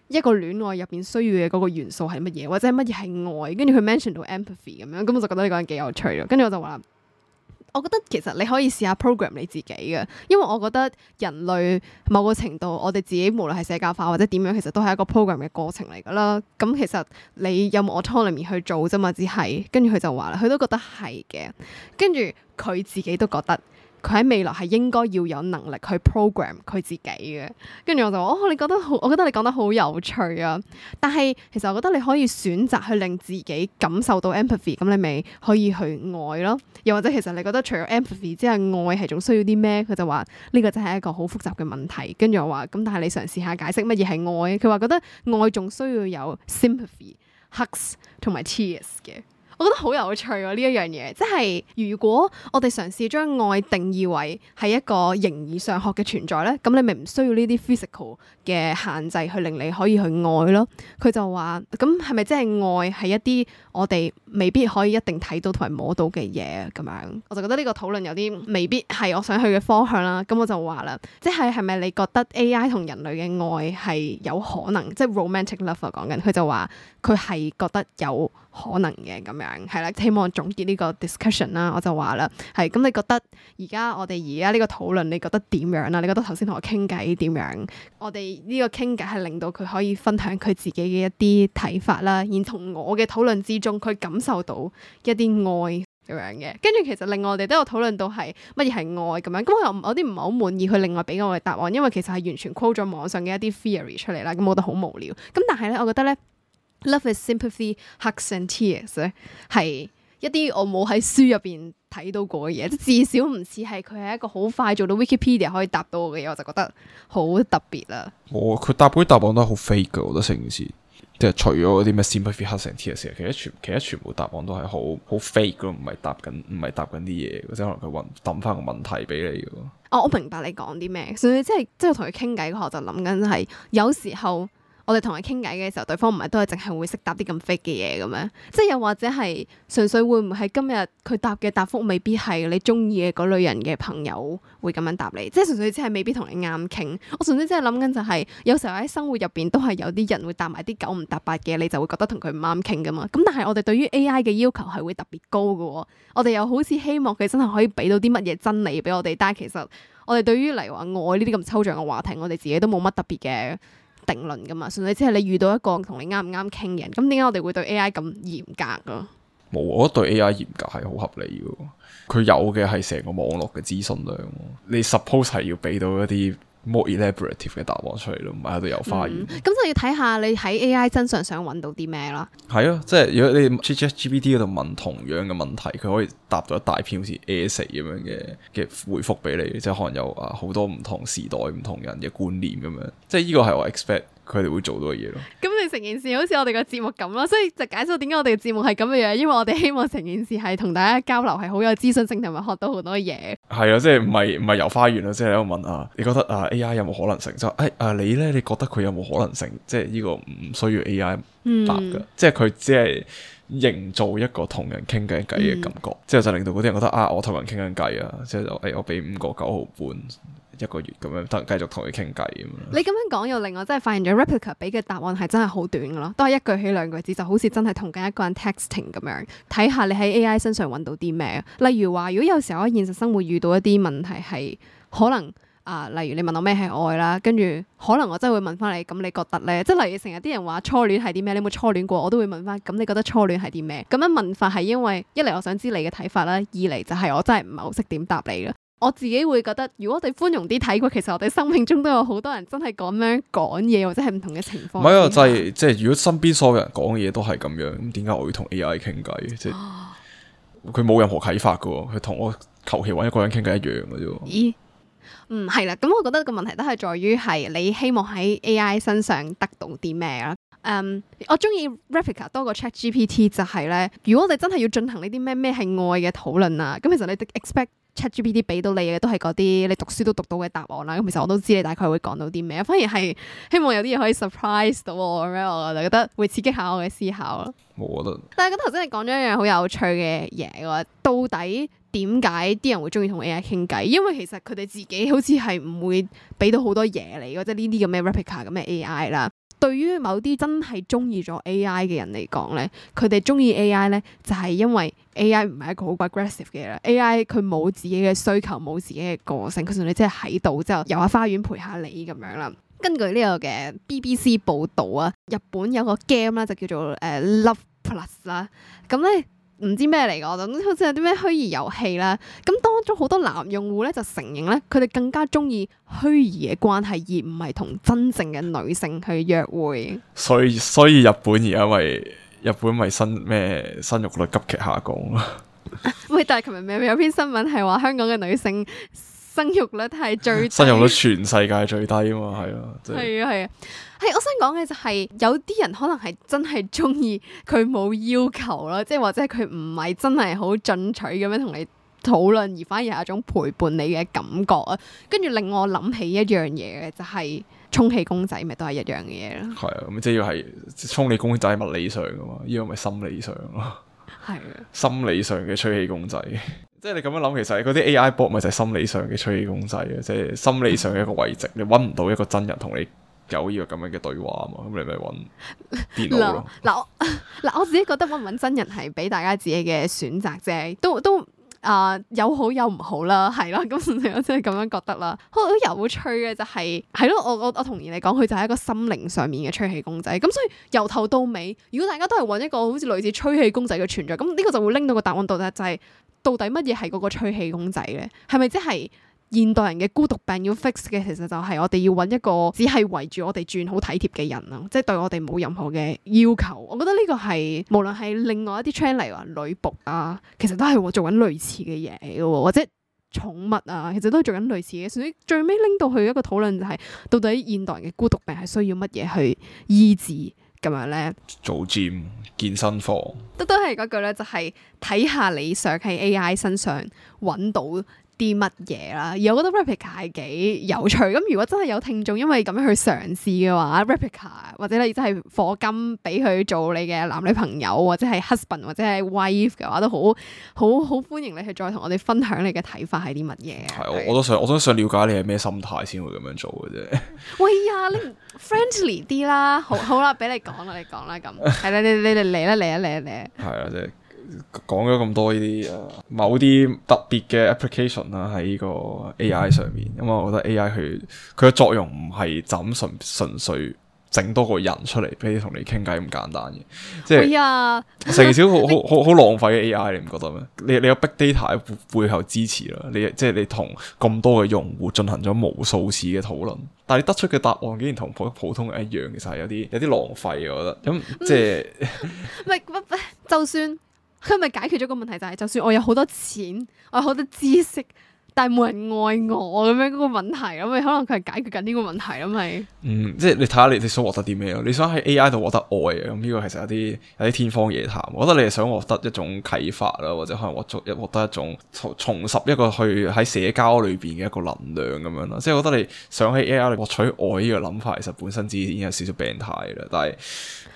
一個戀愛入邊需要嘅嗰個元素係乜嘢，或者係乜嘢係愛？跟住佢 mention 到 empathy 咁樣，咁我就覺得呢個人幾有趣咯。跟住我就話。我覺得其實你可以試下 program 你自己㗎，因為我覺得人類某個程度，我哋自己無論係社交化或者點樣，其實都係一個 program 嘅過程嚟噶啦。咁其實你有冇 autonomy 去做啫嘛？只係跟住佢就話啦，佢都覺得係嘅，跟住佢自己都覺得。佢喺未來係應該要有能力去 program 佢自己嘅，跟住我就話哦，你覺得好，我覺得你講得好有趣啊！但係其實我覺得你可以選擇去令自己感受到 empathy，咁你咪可以去愛咯。又或者其實你覺得除咗 empathy 之外，愛係仲需要啲咩？佢就話呢個真係一個好複雜嘅問題。跟住我話咁，但係你嘗試下解釋乜嘢係愛。佢話覺得愛仲需要有 sympathy hugs 同埋 tears 嘅。我覺得好有趣喎、啊！呢一樣嘢，即係如果我哋嘗試將愛定義為係一個形而上學嘅存在咧，咁你咪唔需要呢啲 physical 嘅限制去令你可以去愛咯。佢就話：咁係咪即係愛係一啲我哋未必可以一定睇到同埋摸到嘅嘢啊？咁樣我就覺得呢個討論有啲未必係我想去嘅方向啦。咁我就話啦，即係係咪你覺得 AI 同人類嘅愛係有可能即係 romantic love 啊？講緊佢就話。佢係覺得有可能嘅咁樣，係啦。希望總結呢個 discussion 啦，我就話啦，係咁。你覺得而家我哋而家呢個討論，你覺得點樣啊？你覺得頭先同我傾偈點樣？我哋呢個傾偈係令到佢可以分享佢自己嘅一啲睇法啦，然同我嘅討論之中，佢感受到一啲愛咁樣嘅。跟住其實另外我哋都有討論到係乜嘢係愛咁樣。咁我又唔有啲唔係好滿意佢另外俾我嘅答案，因為其實係完全 quote 咗網上嘅一啲 theory 出嚟啦。咁我覺得好無聊。咁但係咧，我覺得咧。Love is sympathy, hugs and tears 咧，係一啲我冇喺書入邊睇到過嘅嘢，至少唔似係佢係一個好快做到 Wikipedia 可以答到嘅嘢，我就覺得好特別啦。我佢、哦、答嗰啲答案都係好 fake 噶，我覺得成件事，即係除咗啲咩 sympathy, hugs and tears，其他全其他全部答案都係好好 fake 咯，唔係答緊唔係答緊啲嘢，或者可能佢揼翻個問題俾你噶。哦，我明白你講啲咩，所以即係即係同佢傾偈嗰刻就諗緊係有時候。我哋同佢傾偈嘅時候，對方唔係都係淨係會識答啲咁 fit 嘅嘢嘅咩？即係又或者係純粹會唔係今日佢答嘅答覆未必係你中意嘅嗰類人嘅朋友會咁樣答你，即係純粹只係未必同你啱傾。我純粹真係諗緊就係有時候喺生活入邊都係有啲人會答埋啲九唔搭八嘅，你就會覺得同佢唔啱傾噶嘛。咁但係我哋對於 AI 嘅要求係會特別高㗎喎，我哋又好似希望佢真係可以俾到啲乜嘢真理俾我哋，但係其實我哋對於嚟話愛呢啲咁抽象嘅話題，我哋自己都冇乜特別嘅定論㗎嘛，純粹只係你遇到一個同你啱唔啱傾嘅人，咁點解我哋會對 AI 咁嚴格咯？冇，我覺得對 AI 嚴格係好合理嘅，佢有嘅係成個網絡嘅資訊量，你 suppose 係要俾到一啲。more elaborate 嘅答案出嚟咯，唔係喺度有花園。咁、嗯、就要睇下你喺 AI 真相想揾到啲咩咯。係咯、 啊，即係如果你 chat GPT 嗰度問同樣嘅問題，佢可以答咗一大篇好似 essay 咁樣嘅嘅回覆俾你，即係可能有啊好多唔同時代、唔同人嘅觀念咁樣。即係依個係我 expect。佢哋會做到嘅嘢咯。咁你成件事好似我哋個節目咁咯，所以就解釋到點解我哋嘅節目係咁嘅樣，因為我哋希望成件事係同大家交流係好有資訊性同埋學到好多嘢。係啊， 即係唔係唔係遊花園啊？即係喺度問啊，你覺得啊 AI 有冇可能性？即係誒啊你咧，你覺得佢有冇可能性？即係呢個唔需要 AI 答噶，即係佢只係營造一個同人傾緊偈嘅感覺，之後就令到嗰啲人覺得啊，我同人傾緊偈啊，即係誒我俾五個九毫半。一個月咁樣，得繼續同佢傾偈咁樣。你咁樣講又令我真係發現咗 Replika 俾嘅答案係真係好短㗎囉，都係一句起兩句止，就好似真係同緊一個人 texting 咁樣。睇下你喺 AI 身上揾到啲咩？例如話，如果有時候我喺現實生活遇到一啲問題，係可能啊、呃，例如你問我咩係愛啦，跟住可能我真係會問翻你，「咁你覺得呢？」即係例如成日啲人話初戀係啲咩？你有冇初戀過？我都會問翻，咁你覺得初戀係啲咩？咁樣問法係因為一嚟我想知你嘅睇法啦，二嚟就係我真係唔係好識點答你啦。我自己會覺得，如果我哋寬容啲睇佢，其實我哋生命中都有好多人真係咁樣講嘢，或者係唔同嘅情況。唔係啊，就係、是、即係如果身邊所有人講嘅嘢都係咁樣，咁點解我要同 AI 傾偈？即係佢冇任何啟發嘅喎，佢同我求其搵一個人傾偈一樣嘅啫。咦、欸？嗯，係啦，咁我覺得個問題都係在於係你希望喺 AI 身上得到啲咩啦。嗯，um, 我中意 Replika 多過 ChatGPT 就係咧，如果我哋真係要進行呢啲咩咩係愛嘅討論啊，咁其實你 expect ChatGPT 俾到你嘅都係嗰啲你讀書都讀到嘅答案啦，咁其實我都知你大概會講到啲咩，反而係希望有啲嘢可以 surprise 到我，咁樣我就覺得會刺激下我嘅思考咯。的但係覺得頭先你講咗一樣好有趣嘅嘢，話到底點解啲人會中意同 AI 傾偈？因為其實佢哋自己好似係唔會俾到好多嘢你嘅，即係呢啲咁嘅 Replika 咁嘅 AI 啦。對於某啲真係中意咗 AI 嘅人嚟講咧，佢哋中意 AI 咧就係、是、因為 AI 唔係一個好 aggressive 嘅嘢啦，AI 佢冇自己嘅需求，冇自己嘅個性，佢純粹即係喺度之後遊下花園陪下你咁樣啦。根據呢個嘅 BBC 報道啊，日本有個 game 啦，就叫做誒、呃、Love Plus 啦，咁咧。唔知咩嚟嘅，咁好似有啲咩虛擬遊戲啦。咁當中好多男用戶咧就承認咧，佢哋更加中意虛擬嘅關係，而唔係同真正嘅女性去約會。所以所以日本而家咪日本咪生咩生育率急劇下降咯。喂， 但係琴日咪有篇新聞係話香港嘅女性生育率都係最低， 生育率全世界最低啊嘛，係啊，係、就是、啊，係啊，係。我想講嘅就係，有啲人可能係真係中意佢冇要求咯，即係或者佢唔係真係好進取咁樣同你討論，而反而係一種陪伴你嘅感覺啊。跟住令我諗起一樣嘢嘅就係、是、充氣公仔，咪都係一樣嘅嘢咯。係啊，咁、嗯、即係要係充氣公仔物理上噶嘛，呢個咪心理上咯，係 啊，心理上嘅吹氣公仔。即係你咁樣諗，其實嗰啲 AI bot 咪就係心理上嘅吹氣公仔啊！即係心理上嘅一個遺迹，你揾唔到一個真人同你有呢個咁樣嘅對話啊嘛，咁你咪揾電腦咯。嗱， 嗱，我自己覺得揾唔揾真人係俾大家自己嘅選擇啫，都都啊、呃、有好有唔好啦，係咯。咁我真係咁樣覺得啦。好有趣嘅就係、是，係咯，我我我同意你講，佢就係一個心靈上面嘅吹氣公仔。咁所以由頭到尾，如果大家都係揾一個好似類似吹氣公仔嘅存在，咁呢個就會拎到個答案到底就係、是。到底乜嘢係嗰個吹氣公仔咧？係咪即係現代人嘅孤獨病要 fix 嘅？其實就係我哋要揾一個只係圍住我哋轉好體貼嘅人啊！即係對我哋冇任何嘅要求。我覺得呢個係無論係另外一啲 chain 嚟話女僕啊，其實都係做緊類似嘅嘢咯，或者寵物啊，其實都係做緊類似嘅。所以最尾拎到去一個討論就係，到底現代人嘅孤獨病係需要乜嘢去醫治？咁樣咧，做 gym 健，健身房，都都係嗰句咧，就係、是、睇下你想喺 AI 身上揾到啲乜嘢啦？而我覺得 Replika 係幾有趣。咁如果真係有聽眾，因為咁樣去嘗試嘅話,話，Replika 或者你真係課金俾佢做你嘅男女朋友，或者係 husband 或者係 wife 嘅話，都好好好歡迎你去再同我哋分享你嘅睇法係啲乜嘢。係我都想，我都想了解你係咩心態先會咁樣做嘅啫。喂呀，你 friendly 啲啦，好好啦，俾你講啦，你講啦，咁係啦，你你你嚟啦嚟啊嚟啊嚟，係啊真係。講咗咁多呢啲啊，嗯、某啲特別嘅 application 啦喺呢個 AI 上面，因為，我覺得 AI 佢佢嘅作用唔係就咁純純粹整多個人出嚟俾你同你傾偈咁簡單嘅，即係成少好好好浪費嘅 AI，你唔覺得咩？你你有 big data 背背後支持啦，就是、你即係你同咁多嘅用戶進行咗無數次嘅討論，但係你得出嘅答案竟然同普普通人一樣，其實係有啲有啲浪費嘅、嗯，我覺得咁即係唔係唔就算。佢係咪解決咗個問題？就係就算我有好多錢，我有好多知識。但係冇人愛我咁樣嗰個問題咯，咪可能佢係解決緊呢個問題咯咪？嗯，即係你睇下你你想獲得啲咩咯？你想喺 AI 度獲得愛啊？咁呢個其實有啲有啲天方夜譚。我覺得你係想獲得一種啟發啦，或者可能獲獲得一種重拾一個去喺社交裏邊嘅一個能量咁樣咯。即係我覺得你想喺 AI 度獲取愛呢個諗法，其實本身已經有少少病態啦。但係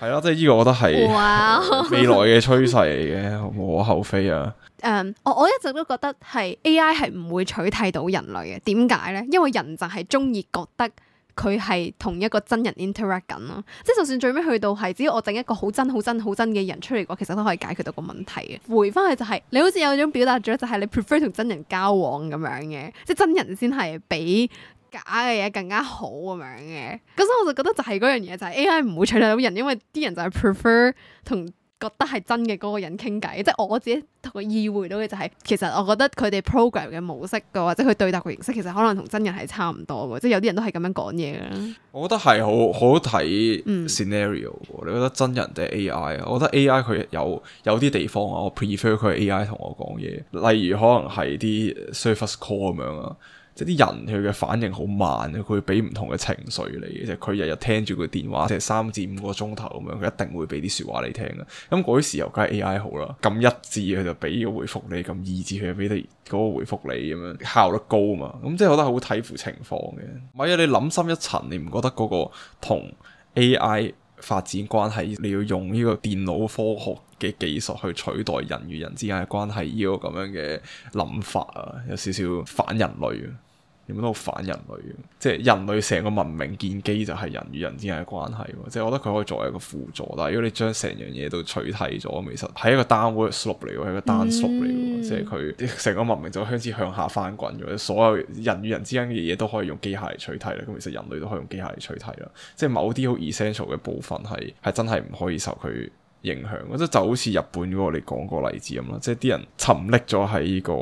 係咯，即係呢個我覺得係哇、呃、未來嘅趨勢嚟嘅，無可厚非啊。誒，我、um, 我一直都覺得係 A.I. 係唔會取代到人類嘅，點解咧？因為人就係中意覺得佢係同一個真人 interact 緊咯，即就算最尾去到係，只要我整一個好真、好真、好真嘅人出嚟嘅話，其實都可以解決到個問題嘅。回翻去就係、是，你好似有種表達咗就係、是、你 prefer 同真人交往咁樣嘅，即真人先係比假嘅嘢更加好咁樣嘅。咁所以我就覺得就係嗰樣嘢就係、是、A.I. 唔會取代到人，因為啲人就係 prefer 同。覺得係真嘅嗰、那個人傾偈，即係我自己同佢意會到嘅就係、是，其實我覺得佢哋 program 嘅模式，或者佢對答嘅形式，其實可能同真人係差唔多，即係有啲人都係咁樣講嘢嘅，我覺得係好好睇 scenario，、嗯、你覺得真人定 AI？我覺得 AI 佢有有啲地方啊，我 prefer 佢 AI 同我講嘢，例如可能係啲 service call 咁樣啊。即係啲人佢嘅反應好慢啊，佢會俾唔同嘅情緒你嘅。其實佢日日聽住個電話，成三至五個鐘頭咁樣，佢一定會畀啲説話你聽嘅。咁嗰啲時候梗係 AI 好啦，咁一致佢就畀個回覆你，咁二致，佢就俾你嗰個回覆你咁樣，效率高啊嘛。咁即係我覺得好睇乎情況嘅。唔係啊，你諗深一層，你唔覺得嗰個同 AI 發展關係，你要用呢個電腦科學？嘅技術去取代人與人之間嘅關係，依個咁樣嘅諗法啊，有少少反人類啊，有冇都好反人類啊？即係人類成個文明建基就係人與人之間嘅關係，即係我覺得佢可以作為一個輔助，但係如果你將成樣嘢都取替咗，其實係一個 downward slope 嚟嘅，係一個 down slope 嚟嘅，嗯、即係佢成個文明就開始向下翻滾咗，所有人與人之間嘅嘢都可以用機械嚟取替啦，咁其實人類都可以用機械嚟取替啦，即係某啲好 essential 嘅部分係係真係唔可以受佢影響，即就好似日本嗰個你講個例子咁啦，即啲人沉溺咗喺呢個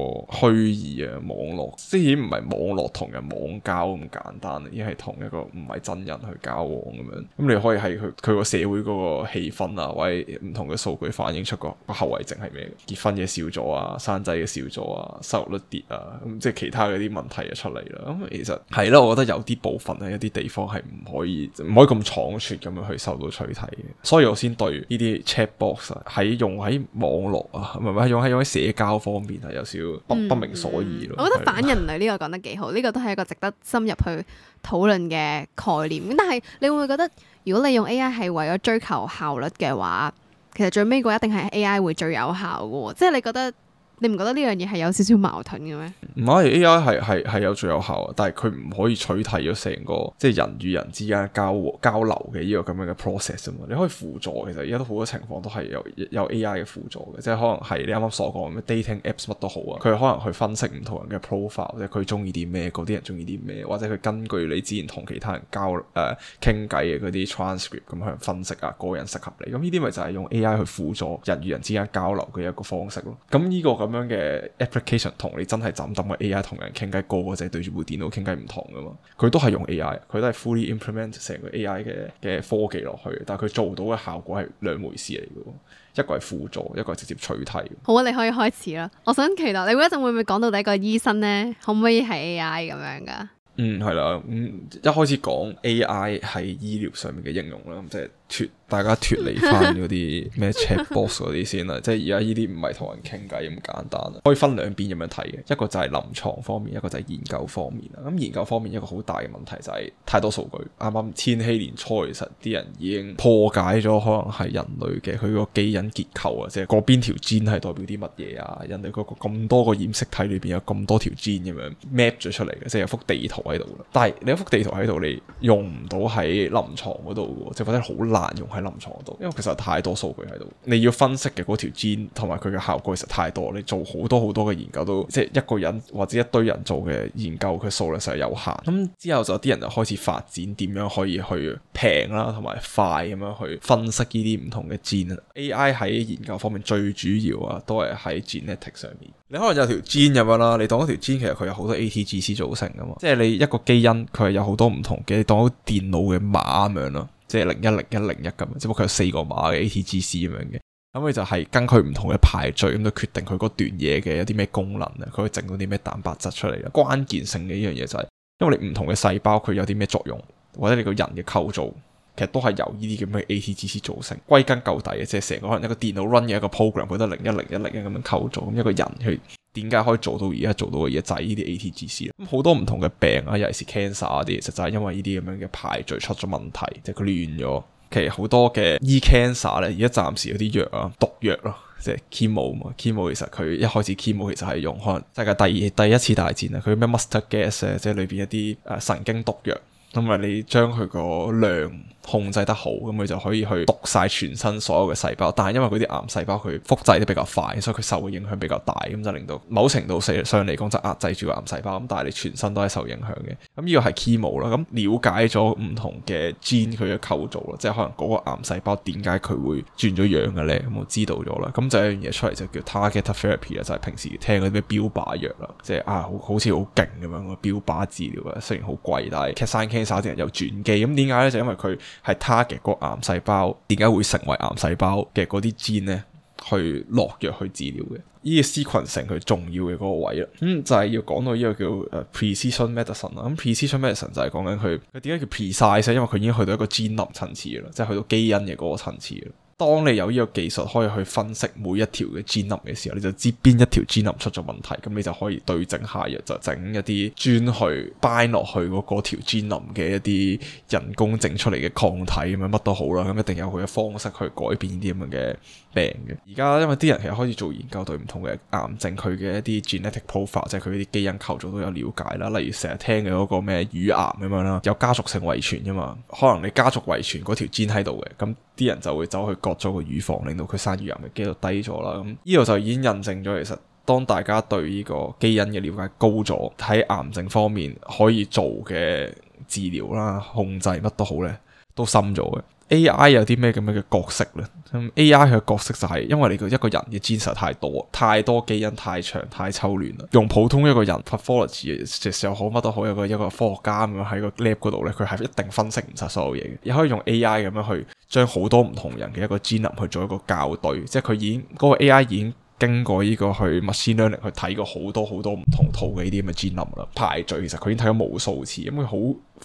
虛擬啊網絡，雖然唔係網絡同人網交咁簡單，而係同一個唔係真人去交往咁樣。咁你可以喺佢佢個社會嗰個氣氛啊，或者唔同嘅數據反映出個後遺症係咩？結婚嘅少咗啊，生仔嘅少咗啊，生育率跌啊，咁即係其他嗰啲問題啊出嚟啦。咁其實係咯，我覺得有啲部分喺一啲地方係唔可以唔可以咁倉促咁樣去受到取締嘅，所以我先對呢啲。Chatbox 係用喺網絡啊，唔係唔係用喺用喺社交方面係有少不不明所以咯、嗯。我覺得反人類呢個講得幾好，呢 個都係一個值得深入去討論嘅概念。咁但係你會唔會覺得，如果你用 AI 係為咗追求效率嘅話，其實最尾嗰一,一定係 AI 會最有效嘅喎。即係你覺得。你唔覺得呢樣嘢係有少少矛盾嘅咩？唔可以，A.I. 係係係有最有效，但係佢唔可以取替咗成個即係人與人之間交交流嘅呢個咁樣嘅 process 啊嘛。你可以輔助，其實而家都，都好多情況都係有有 A.I. 嘅輔助嘅，即係可能係你啱啱所講嘅 dating apps 乜都好啊，佢可能去分析唔同人嘅 profile，或者佢中意啲咩，嗰啲人中意啲咩，或者佢根據你之前同其他人交、呃、傾偈嘅嗰啲 transcript 咁去分析啊，個人適合你。咁呢啲咪就係用 A.I. 去輔助人與人之間交流嘅一個方式咯。咁呢、呢個咁樣嘅 application 同你真係枕枕嘅 AI 同人傾偈，個個就係對住部電腦傾偈唔同噶嘛？佢都係用 AI，佢都係 fully implement 成個 AI 嘅嘅科技落去，但係佢做到嘅效果係兩回事嚟嘅，一個係輔助，一個係直接取替。好啊，你可以開始啦。我想期待你一陣會唔會講到底一個醫生咧，可唔可以係 AI 咁樣噶？嗯，係啦。嗯，一開始講 AI 喺醫療上面嘅應用啦，即係脱。大家脱離翻嗰啲咩 chat box 嗰啲先啦，即係而家呢啲唔係同人傾偈咁簡單可以分兩邊咁樣睇嘅，一個就係臨床方面，一個就係研究方面啦。咁、嗯、研究方面一個好大嘅問題就係太多數據。啱啱千禧年初其實啲人已經破解咗可能係人類嘅佢個基因結構啊，即係嗰邊條 gene 係代表啲乜嘢啊？人類個咁多個染色體裏邊有咁多條 gene 咁樣 map 咗出嚟嘅，即係有幅地圖喺度啦。但係你有一幅地圖喺度，你用唔到喺臨床嗰度嘅，就覺得好難用。喺臨床度，因為其實太多數據喺度，你要分析嘅嗰條 gene 同埋佢嘅效果，其實太多，你做好多好多嘅研究都即係一個人或者一堆人做嘅研究，佢數量實係有限。咁之後就有啲人就開始發展點樣可以去平啦，同埋快咁樣去分析呢啲唔同嘅 gene AI 喺研究方面最主要啊，都係喺 genetics 上面。你可能有條 gene 咁樣啦，你當嗰條 gene 其實佢有好多 ATGC 組成噶嘛，即係你一個基因佢係有好多唔同嘅，當電腦嘅碼咁樣咯。即係零一零一零一咁，只不過佢有四個碼嘅 A、T、G、C 咁樣嘅，咁佢就係根據唔同嘅排序咁就決定佢嗰段嘢嘅有啲咩功能啊，佢會整到啲咩蛋白質出嚟啦。關鍵性嘅呢樣嘢就係、是，因為你唔同嘅細胞佢有啲咩作用，或者你個人嘅構造。其實都係由呢啲咁嘅 ATGC 造成，歸根究底嘅，即係成個可能一個電腦 run 嘅一個 program，佢都零一零一零咁樣構造，咁一個人佢點解可以做到而家做到嘅嘢，就係、是、呢啲 ATGC。咁好多唔同嘅病啊，尤其是 cancer 啊啲，其實、e、就係因為呢啲咁樣嘅排序出咗問題，即係佢亂咗。其實好多嘅 e-cancer 咧，而家暫時有啲藥啊，毒藥咯，即係 chemo 嘛，chemo 其實佢一開始 chemo 其實係用可能即係第二第一次大戰啊，佢咩 mustard gas 啊，即係裏邊一啲誒神經毒藥，咁啊你將佢個量，控制得好，咁佢就可以去毒晒全身所有嘅細胞。但係因為嗰啲癌細胞佢複製得比較快，所以佢受嘅影響比較大，咁就令到某程度上嚟講，就壓制住癌細胞。咁但係你全身都係受影響嘅。咁、嗯、呢、這個係 chemo 啦。咁了解咗唔同嘅 gene 佢嘅構造啦，即係可能嗰個癌細胞點解佢會轉咗樣嘅咧？咁我知道咗啦。咁就有一樣嘢出嚟就叫 targeted therapy 啦，就係平時聽嗰啲咩標靶藥啦，即係啊好好似好勁咁樣個標靶治療啊。雖然好貴，但係 certain cancer 啲人有轉機。咁點解咧？就因為佢。係他嘅個癌細胞點解會成為癌細胞嘅嗰啲 gene 呢？去落藥去治療嘅，呢、這個 sequencing 佢重要嘅嗰個位啦。咁、嗯、就係、是、要講到呢個叫誒 precision medicine 啦。咁、嗯、precision medicine 就係講緊佢佢點解叫 precise 因為佢已經去到一個 genome 層、um、次咯，即係去到基因嘅嗰個層次當你有呢個技術可以去分析每一條嘅基因嘅時候，你就知邊一條基因出咗問題，咁你就可以對症下藥，就整一啲專去 bind 落去嗰嗰條基因嘅一啲人工整出嚟嘅抗體咁樣，乜都好啦，咁一定有佢嘅方式去改變啲咁樣嘅。病嘅。而家因為啲人其實開始做研究，對唔同嘅癌症佢嘅一啲 genetic profile，即係佢啲基因構造都有了解啦。例如成日聽嘅嗰個咩乳癌咁樣啦，有家族性遺傳啫嘛，可能你家族遺傳嗰條 gene 喺度嘅，咁啲人就會走去割咗個乳房，令到佢生乳癌嘅幾率低咗啦。咁呢度就已經印證咗，其實當大家對呢個基因嘅了解高咗，喺癌症方面可以做嘅治療啦、控制乜都好咧，都深咗嘅。A.I. 有啲咩咁樣嘅角色呢？A.I. 嘅角色就係，因為你個一個人嘅基因太多，太多基因太長太抽亂啦。用普通一個人 pathology 嘅嘅時候好乜都好，有個一個科學家咁樣喺個 lab 嗰度咧，佢係一定分析唔晒所有嘢嘅。又可以用 A.I. 咁樣去將好多唔同人嘅一個基因去做一個校對，即係佢已經嗰個 A.I. 已經。經過呢個去 machine learning，去睇過好多好多唔同套嘅呢啲咁嘅 genome 啦，排序其實佢已經睇咗無數次，因為好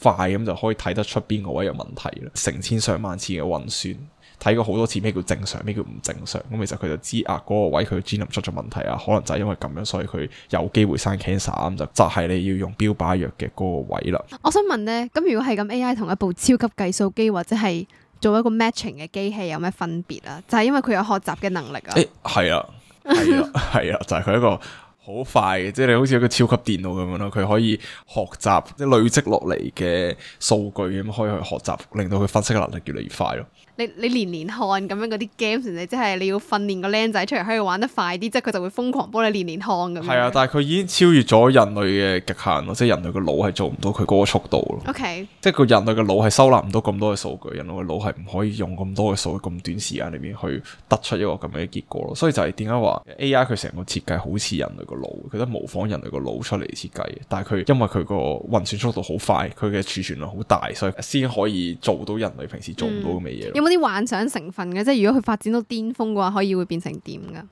快咁就可以睇得出邊個位有問題啦，成千上萬次嘅運算，睇過好多次咩叫正常，咩叫唔正常，咁其實佢就知啊嗰、嗰個位佢嘅 genome 出咗問題啊，可能就係因為咁樣，所以佢有機會生 cancer 咁就就係你要用標靶藥嘅嗰個位啦。我想問呢，咁如果係咁 AI 同一部超級計數機或者係做一個 matching 嘅機器有咩分別啊？就係、係、因為佢有學習嘅能力啊？誒，係啊。係啊，係啊， 就係、是、佢一個好快嘅，即係你好似一個超級電腦咁樣咯。佢可以學習，即係累積落嚟嘅數據咁，可以去學習，令到佢分析嘅能力越嚟越快咯。你你連連看咁樣嗰啲 game 你即係你要訓練個僆仔出嚟可以玩得快啲，即係佢就會瘋狂幫你連連看咁。係啊，但係佢已經超越咗人類嘅極限咯，即係人類個腦係做唔到佢嗰個速度咯。OK，即係個人類嘅腦係收納唔到咁多嘅數據，人類嘅腦係唔可以用咁多嘅數咁短時間裏面去得出一個咁樣嘅結果咯。所以就係點解話 AI 佢成個設計好似人類個腦，佢都模仿人類個腦出嚟設計，但係佢因為佢個運算速度好快，佢嘅儲存量好大，所以先可以做到人類平時做唔到嘅嘢嗰啲幻想成分嘅，即係如果佢發展到巔峰嘅話，可以會變成點噶？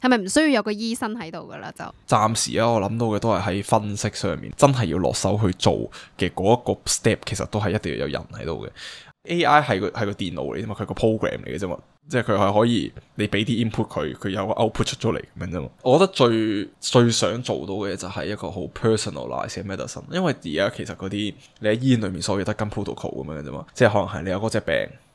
係咪唔需要有個醫生喺度噶啦？就暫時啊，我諗到嘅都係喺分析上面，真係要落手去做嘅嗰一個 step，其實都係一定要有人喺度嘅。AI 係個係個電腦嚟啫嘛，佢個 program 嚟嘅啫嘛，即係佢係可以你俾啲 input 佢，佢有個 output 出咗嚟咁樣啫嘛。我覺得最最想做到嘅就係一個好 personalized medicine，因為而家其實嗰啲你喺醫院裏面所有得係跟 protocol 咁樣嘅啫嘛，即係可能係你有嗰隻病。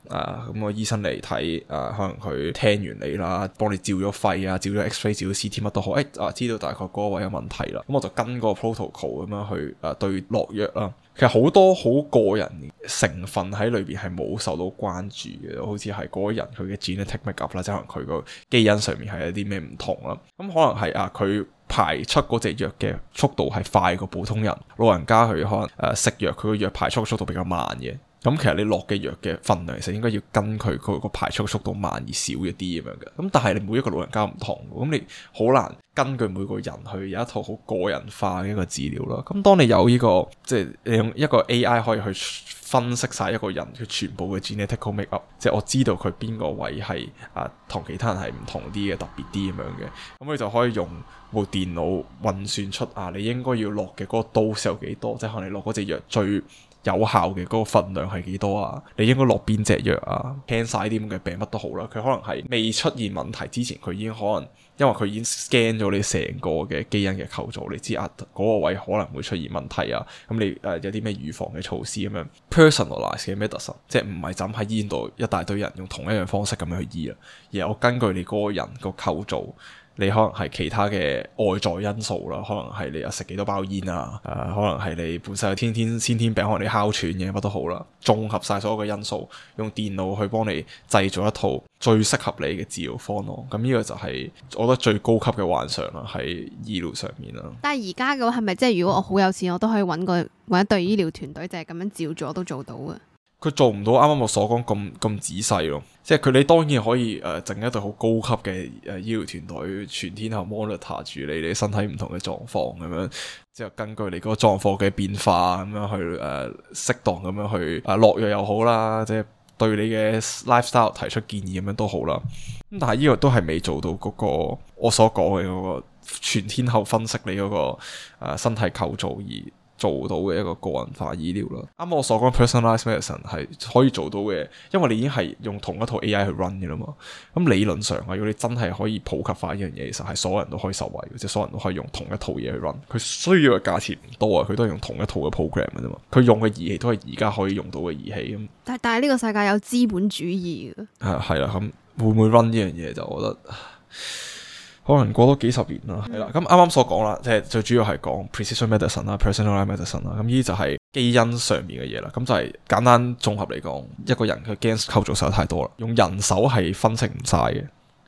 啊，咁、那個醫生嚟睇，啊，可能佢聽完你啦，幫你照咗肺啊，照咗 X-ray，照咗 C-T 乜都好，誒、哎，啊，知道大概嗰位有問題啦，咁我就跟個 protocol 咁樣去誒、啊、對落藥啦。其實好多好個人成分喺裏邊係冇受到關注嘅，好似係嗰個人佢嘅 genetic makeup 啦，即可能佢個基因上面係有啲咩唔同啦。咁、啊、可能係啊，佢排出嗰隻藥嘅速度係快過普通人，老人家佢可能誒、啊、食藥佢個藥排出速度比較慢嘅。咁、嗯、其實你落嘅藥嘅份量，其實應該要根據佢佢個排出嘅速度慢而少一啲咁樣嘅。咁、嗯、但係你每一個老人家唔同，咁、嗯、你好難根據每個人去有一套好個人化嘅一個治療啦。咁、嗯、當你有呢、這個即係你用一個 AI 可以去分析晒一個人佢全部嘅 genetic makeup，即係我知道佢邊個位係啊同其他人係唔同啲嘅特別啲咁樣嘅，咁佢就可以用部電腦運算出啊，你應該要落嘅嗰個 dose 有幾多，即係可能你落嗰隻藥最有效嘅嗰個份量係幾多啊，你應該落邊隻藥啊，聽晒啲咁嘅病乜都好啦，佢可能係未出現問題之前，佢已經可能。因為佢已經 scan 咗你成個嘅基因嘅構造，你知啊嗰個位可能會出現問題啊，咁你誒有啲咩預防嘅措施咁樣 personalized medicine 係咩特色？即係唔係浸喺醫院度一大堆人用同一樣方式咁樣去醫啊，而係我根據你嗰個人個構造。你可能係其他嘅外在因素啦，可能係你又食幾多包煙啊，誒、呃，可能係你本身係天天先天，天病，可能你哮喘嘅乜都好啦，綜合晒所有嘅因素，用電腦去幫你製造一套最適合你嘅治療方案。咁呢個就係我覺得最高級嘅幻想啦，喺醫療上面啦。但係而家嘅話，係咪即係如果我好有錢，我都可以搵個搵一對醫療團隊，就係咁樣照做都做到啊？佢做唔到啱啱我所講咁咁仔細咯，即係佢你當然可以誒，整、呃、一對好高級嘅誒、呃、醫療團隊全天候 monitor 住你哋身體唔同嘅狀況咁樣，之後根據你嗰個狀況嘅變化咁樣去誒、呃、適當咁樣去啊、呃、落藥又好啦，即係對你嘅 lifestyle 提出建議咁樣都好啦。咁但係呢個都係未做到嗰、嗰個我所講嘅嗰個全天候分析你嗰、嗰個誒、呃、身體構造而。做到嘅一個個人化醫療啦，啱啱我所講 personalized medicine 係可以做到嘅，因為你已經係用同一套 AI 去 run 嘅啦嘛。咁理論上啊，如果你真係可以普及化呢樣嘢，其實係所有人都可以受惠嘅，即係所有人都可以用同一套嘢去 run。佢需要嘅價錢唔多啊，佢都係用同一套嘅 program 啫嘛。佢用嘅儀器都係而家可以用到嘅儀器咁、嗯。但但係呢個世界有資本主義嘅。係係啦，咁、啊、會唔會 run 呢樣嘢？就我覺得。可能過多幾十年啦，係啦，咁啱啱所講啦，即係最主要係講 precision medicine 啦，personalized medicine 啦，咁呢啲就係基因上面嘅嘢啦，咁就係簡單綜合嚟講，一個人佢 genes 構造實在太多啦，用人手係分析唔晒嘅。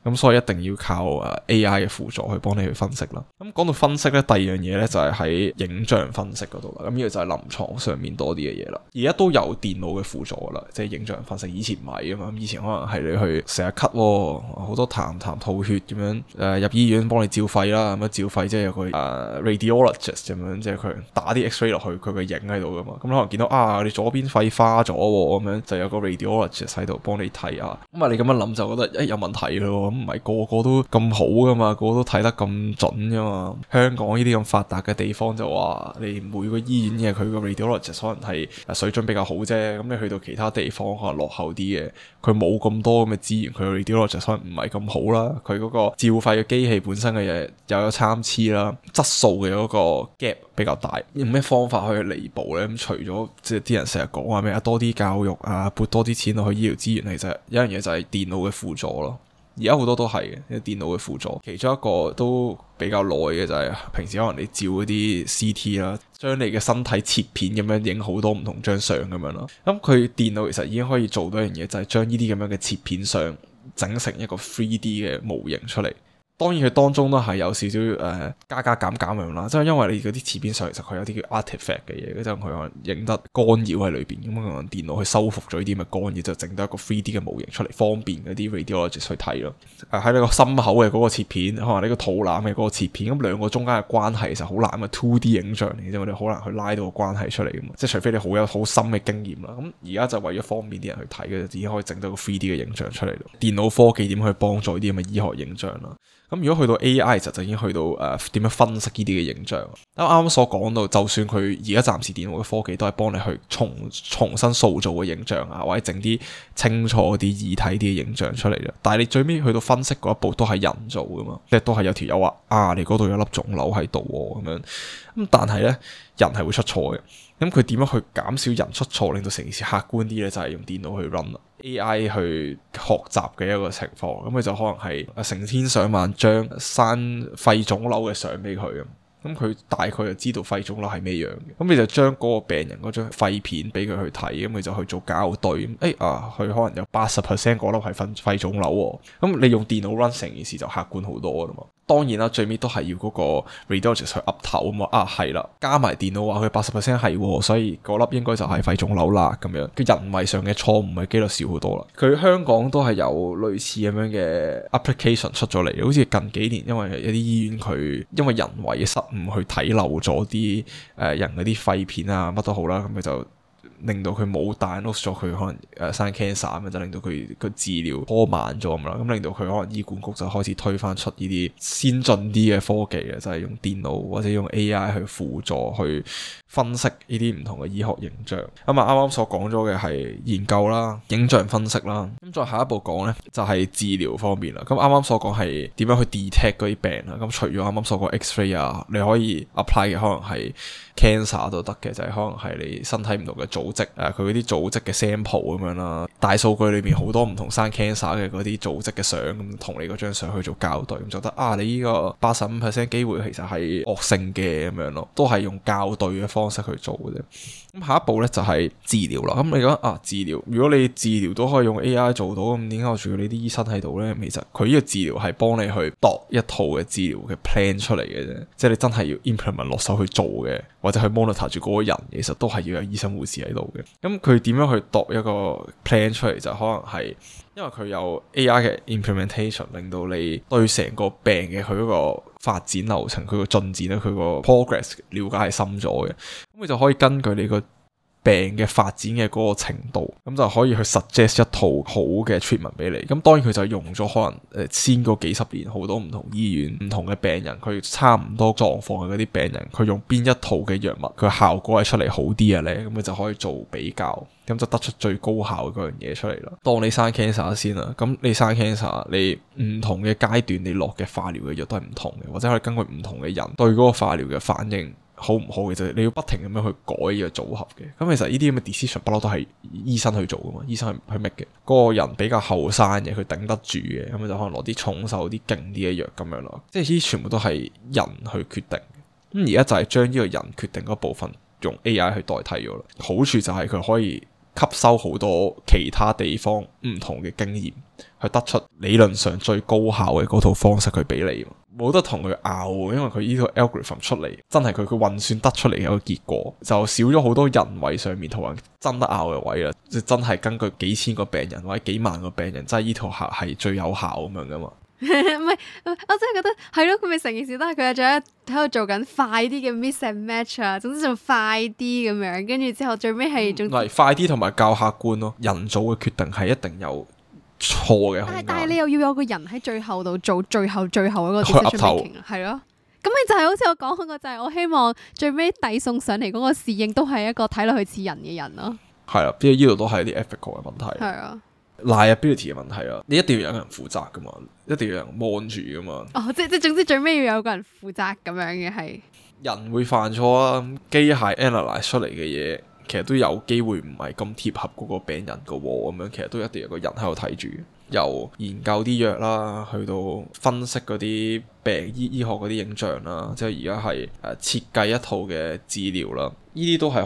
咁所以一定要靠誒 AI 嘅輔助去幫你去分析啦。咁講到分析咧，第二樣嘢咧就係、是、喺影像分析嗰度啦。咁呢個就係臨床上面多啲嘅嘢啦。而家都有電腦嘅輔助啦，即係影像分析。以前唔係啊嘛，以前可能係你去成日咳，好多痰痰吐血咁樣，誒、呃、入醫院幫你照肺啦，咁樣照肺即係有個誒、呃、radiologist 咁樣，即係佢打啲 X-ray 落去，佢個影喺度噶嘛。咁、嗯、可能見到啊，你左邊肺花咗咁樣，就有個 radiologist 喺度幫你睇啊。咁、嗯、啊，你咁樣諗就覺得誒、哎、有問題咯。唔係個個都咁好噶嘛，個個都睇得咁準噶嘛。香港呢啲咁發達嘅地方就話，你每個醫院嘅佢個 radiologist 可能係水準比較好啫。咁你去到其他地方可能落後啲嘅，佢冇咁多咁嘅資源，佢 radiologist 可能唔係咁好啦。佢嗰個照肺嘅機器本身嘅嘢又有參差啦，質素嘅嗰個 gap 比較大。用咩方法去彌補呢？咁除咗即係啲人成日講話咩啊，多啲教育啊，撥多啲錢落去、這個、醫療資源其實，一樣嘢就係電腦嘅輔助咯。而家好多都係嘅，電腦嘅輔助。其中一個都比較耐嘅就係、是、平時可能你照嗰啲 CT 啦，將你嘅身體切片咁樣影好多唔同張相咁樣咯。咁佢電腦其實已經可以做到一樣嘢，就係將呢啲咁樣嘅切片相整成一個 3D 嘅模型出嚟。當然佢當中都係有少少誒、呃、加加減減咁樣啦，即係因為你嗰啲切片上其實佢有啲叫 artifact 嘅嘢，即係佢影得干擾喺裏邊咁樣，電腦去修復咗啲咁嘅干擾，就整到一個 3D 嘅模型出嚟，方便嗰啲 radiologist 去睇咯。喺、啊、你個心口嘅嗰個切片，啊、可能你個肚腩嘅嗰個切片，咁兩個中間嘅關係其實好難咁 two D 影像，嚟，所以我哋好難去拉到個關係出嚟咁嘛。即係除非你好有好深嘅經驗啦，咁而家就為咗方便啲人去睇，就自己可以整到個 3D 嘅影像出嚟咯。電腦科技點可以幫助啲咁嘅醫學影像啦？咁如果去到 A.I.，就就已經去到誒點樣分析呢啲嘅影像。啱啱所講到，就算佢而家暫時電腦嘅科技都係幫你去重重新塑造嘅影像啊，或者整啲清楚啲、易睇啲嘅影像出嚟啫。但係你最尾去到分析嗰一步，都係人做㗎嘛，即係都係有條友話啊，你嗰度有粒腫瘤喺度咁樣。咁但係咧，人係會出錯嘅。咁佢點樣去減少人出錯，令到成件事客觀啲咧？就係、是、用電腦去 run AI 去學習嘅一個情況，咁佢就可能係啊成千上萬張生肺腫瘤嘅相俾佢咁。咁佢大概就知道肺腫瘤係咩樣嘅，咁你就將嗰個病人嗰張肺片俾佢去睇，咁佢就去做校對，誒、哎、啊，佢可能有八十 percent 嗰粒係分肺腫瘤，咁、啊、你用電腦 run 成件事就客觀好多啦嘛。當然啦，最尾都係要嗰個 radiologist 去岌頭啊，嘛。啊，係啦、啊，加埋電腦話佢八十 percent 係，所以嗰粒應該就係肺腫瘤啦，咁樣佢人為上嘅錯誤係幾率少好多啦。佢香港都係有類似咁樣嘅 application 出咗嚟，好似近幾年因為有啲醫院佢因為人為嘅失誤。唔去睇漏咗啲誒人嗰啲廢片啊，乜都好啦，咁佢就，令到佢冇戴 mask，咗佢可能誒、呃、生 cancer 咁就令到佢個治療拖慢咗咁啦，咁令到佢可能醫管局就開始推翻出呢啲先進啲嘅科技啊，就係、是、用電腦或者用 AI 去輔助去分析呢啲唔同嘅醫學影像。咁、嗯、啊，啱啱所講咗嘅係研究啦、影像分析啦。咁再、嗯、下一步講呢，就係、是、治療方面啦。咁啱啱所講係點樣去 detect 嗰啲病啦？咁、嗯、除咗啱啱所講 X-ray 啊，ray，你可以 apply 嘅可能係 cancer 都得嘅，就係、是、可能係你身體唔同嘅組。即係佢嗰啲組織嘅 sample 咁樣啦，大數據裏邊好多唔同生 cancer 嘅嗰啲組織嘅相，咁、嗯、同你嗰張相去做校對，咁、嗯、就得啊，你呢個八十五 percent 機會其實係惡性嘅咁樣咯，都係用校對嘅方式去做嘅啫。咁、嗯、下一步呢，就係、是、治療啦。咁、嗯、你覺得啊治療，如果你治療都可以用 AI 做到，咁點解我仲要你啲醫生喺度呢？其實佢呢個治療係幫你去度一套嘅治療嘅 plan 出嚟嘅啫，即係你真係要 implement 落手去做嘅，或者去 monitor 住嗰個人，其實都係要有醫生護士喺度。咁佢點樣去度一個 plan 出嚟？就可能係因為佢有 AI 嘅 implementation，令到你對成個病嘅佢嗰個發展流程、佢個進展咧、佢個 progress 了解係深咗嘅。咁、嗯、你就可以根據你個病嘅發展嘅嗰個程度，咁就可以去 suggest 一套好嘅 treatment 俾你。咁當然佢就用咗可能誒先嗰幾十年好多唔同醫院、唔同嘅病人，佢差唔多狀況嘅嗰啲病人，佢用邊一套嘅藥物，佢效果係出嚟好啲啊呢？咁佢就可以做比較，咁就得出最高效嘅嗰樣嘢出嚟啦。當你生 cancer 先啦，咁你生 cancer，你唔同嘅階段，你落嘅化療嘅藥都係唔同嘅，或者可以根據唔同嘅人對嗰個化療嘅反應。好唔好嘅就係、是、你要不停咁樣去改呢個組合嘅，咁其實呢啲咁嘅 decision 不嬲都係醫生去做噶嘛，醫生去去 make 嘅。嗰、那個人比較後生嘅，佢頂得住嘅，咁就可能攞啲重手啲、勁啲嘅藥咁樣咯。即係呢啲全部都係人去決定，咁而家就係將呢個人決定嗰部分用 AI 去代替咗啦。好處就係佢可以，吸收好多其他地方唔同嘅經驗，去得出理論上最高效嘅嗰套方式去俾你，冇得同佢拗，因為佢呢套 algorithm 出嚟，真係佢佢運算得出嚟嘅一個結果，就少咗好多人為上面同人爭爭真得拗嘅位啦，即真係根據幾千個病人或者幾萬個病人，真係呢套客係最有效咁樣噶嘛。唔係， 我真係覺得係咯，佢咪成件事都係佢喺度喺度做緊快啲嘅 mismatch 啊，總之就快啲咁樣，跟住之後最尾係仲係快啲同埋較客觀咯，人做嘅決定係一定有錯嘅。但係你又要有個人喺最後度做最後最後嗰個 decision making 係咯。咁你就係好似我講嗰個，就係、是、我希望最尾遞送上嚟嗰個侍應都係一個睇落去似人嘅人咯。係啦，因為呢度都係啲 ethical 嘅問題。係啊。liability 嘅問題啊，你一定要有人負責噶嘛，一定要有人望住噶嘛。哦、oh，即即總之最尾要有個人負責咁樣嘅。係人會犯錯啊，機械 analyse 出嚟嘅嘢其實都有機會唔係咁貼合嗰個病人㗎喎、啊，咁樣其實都一定有個人喺度睇住，由研究啲藥啦，去到分析嗰啲病醫醫學嗰啲影像啦，即、mm hmm. 後而家係誒設計一套嘅治療啦，呢啲都係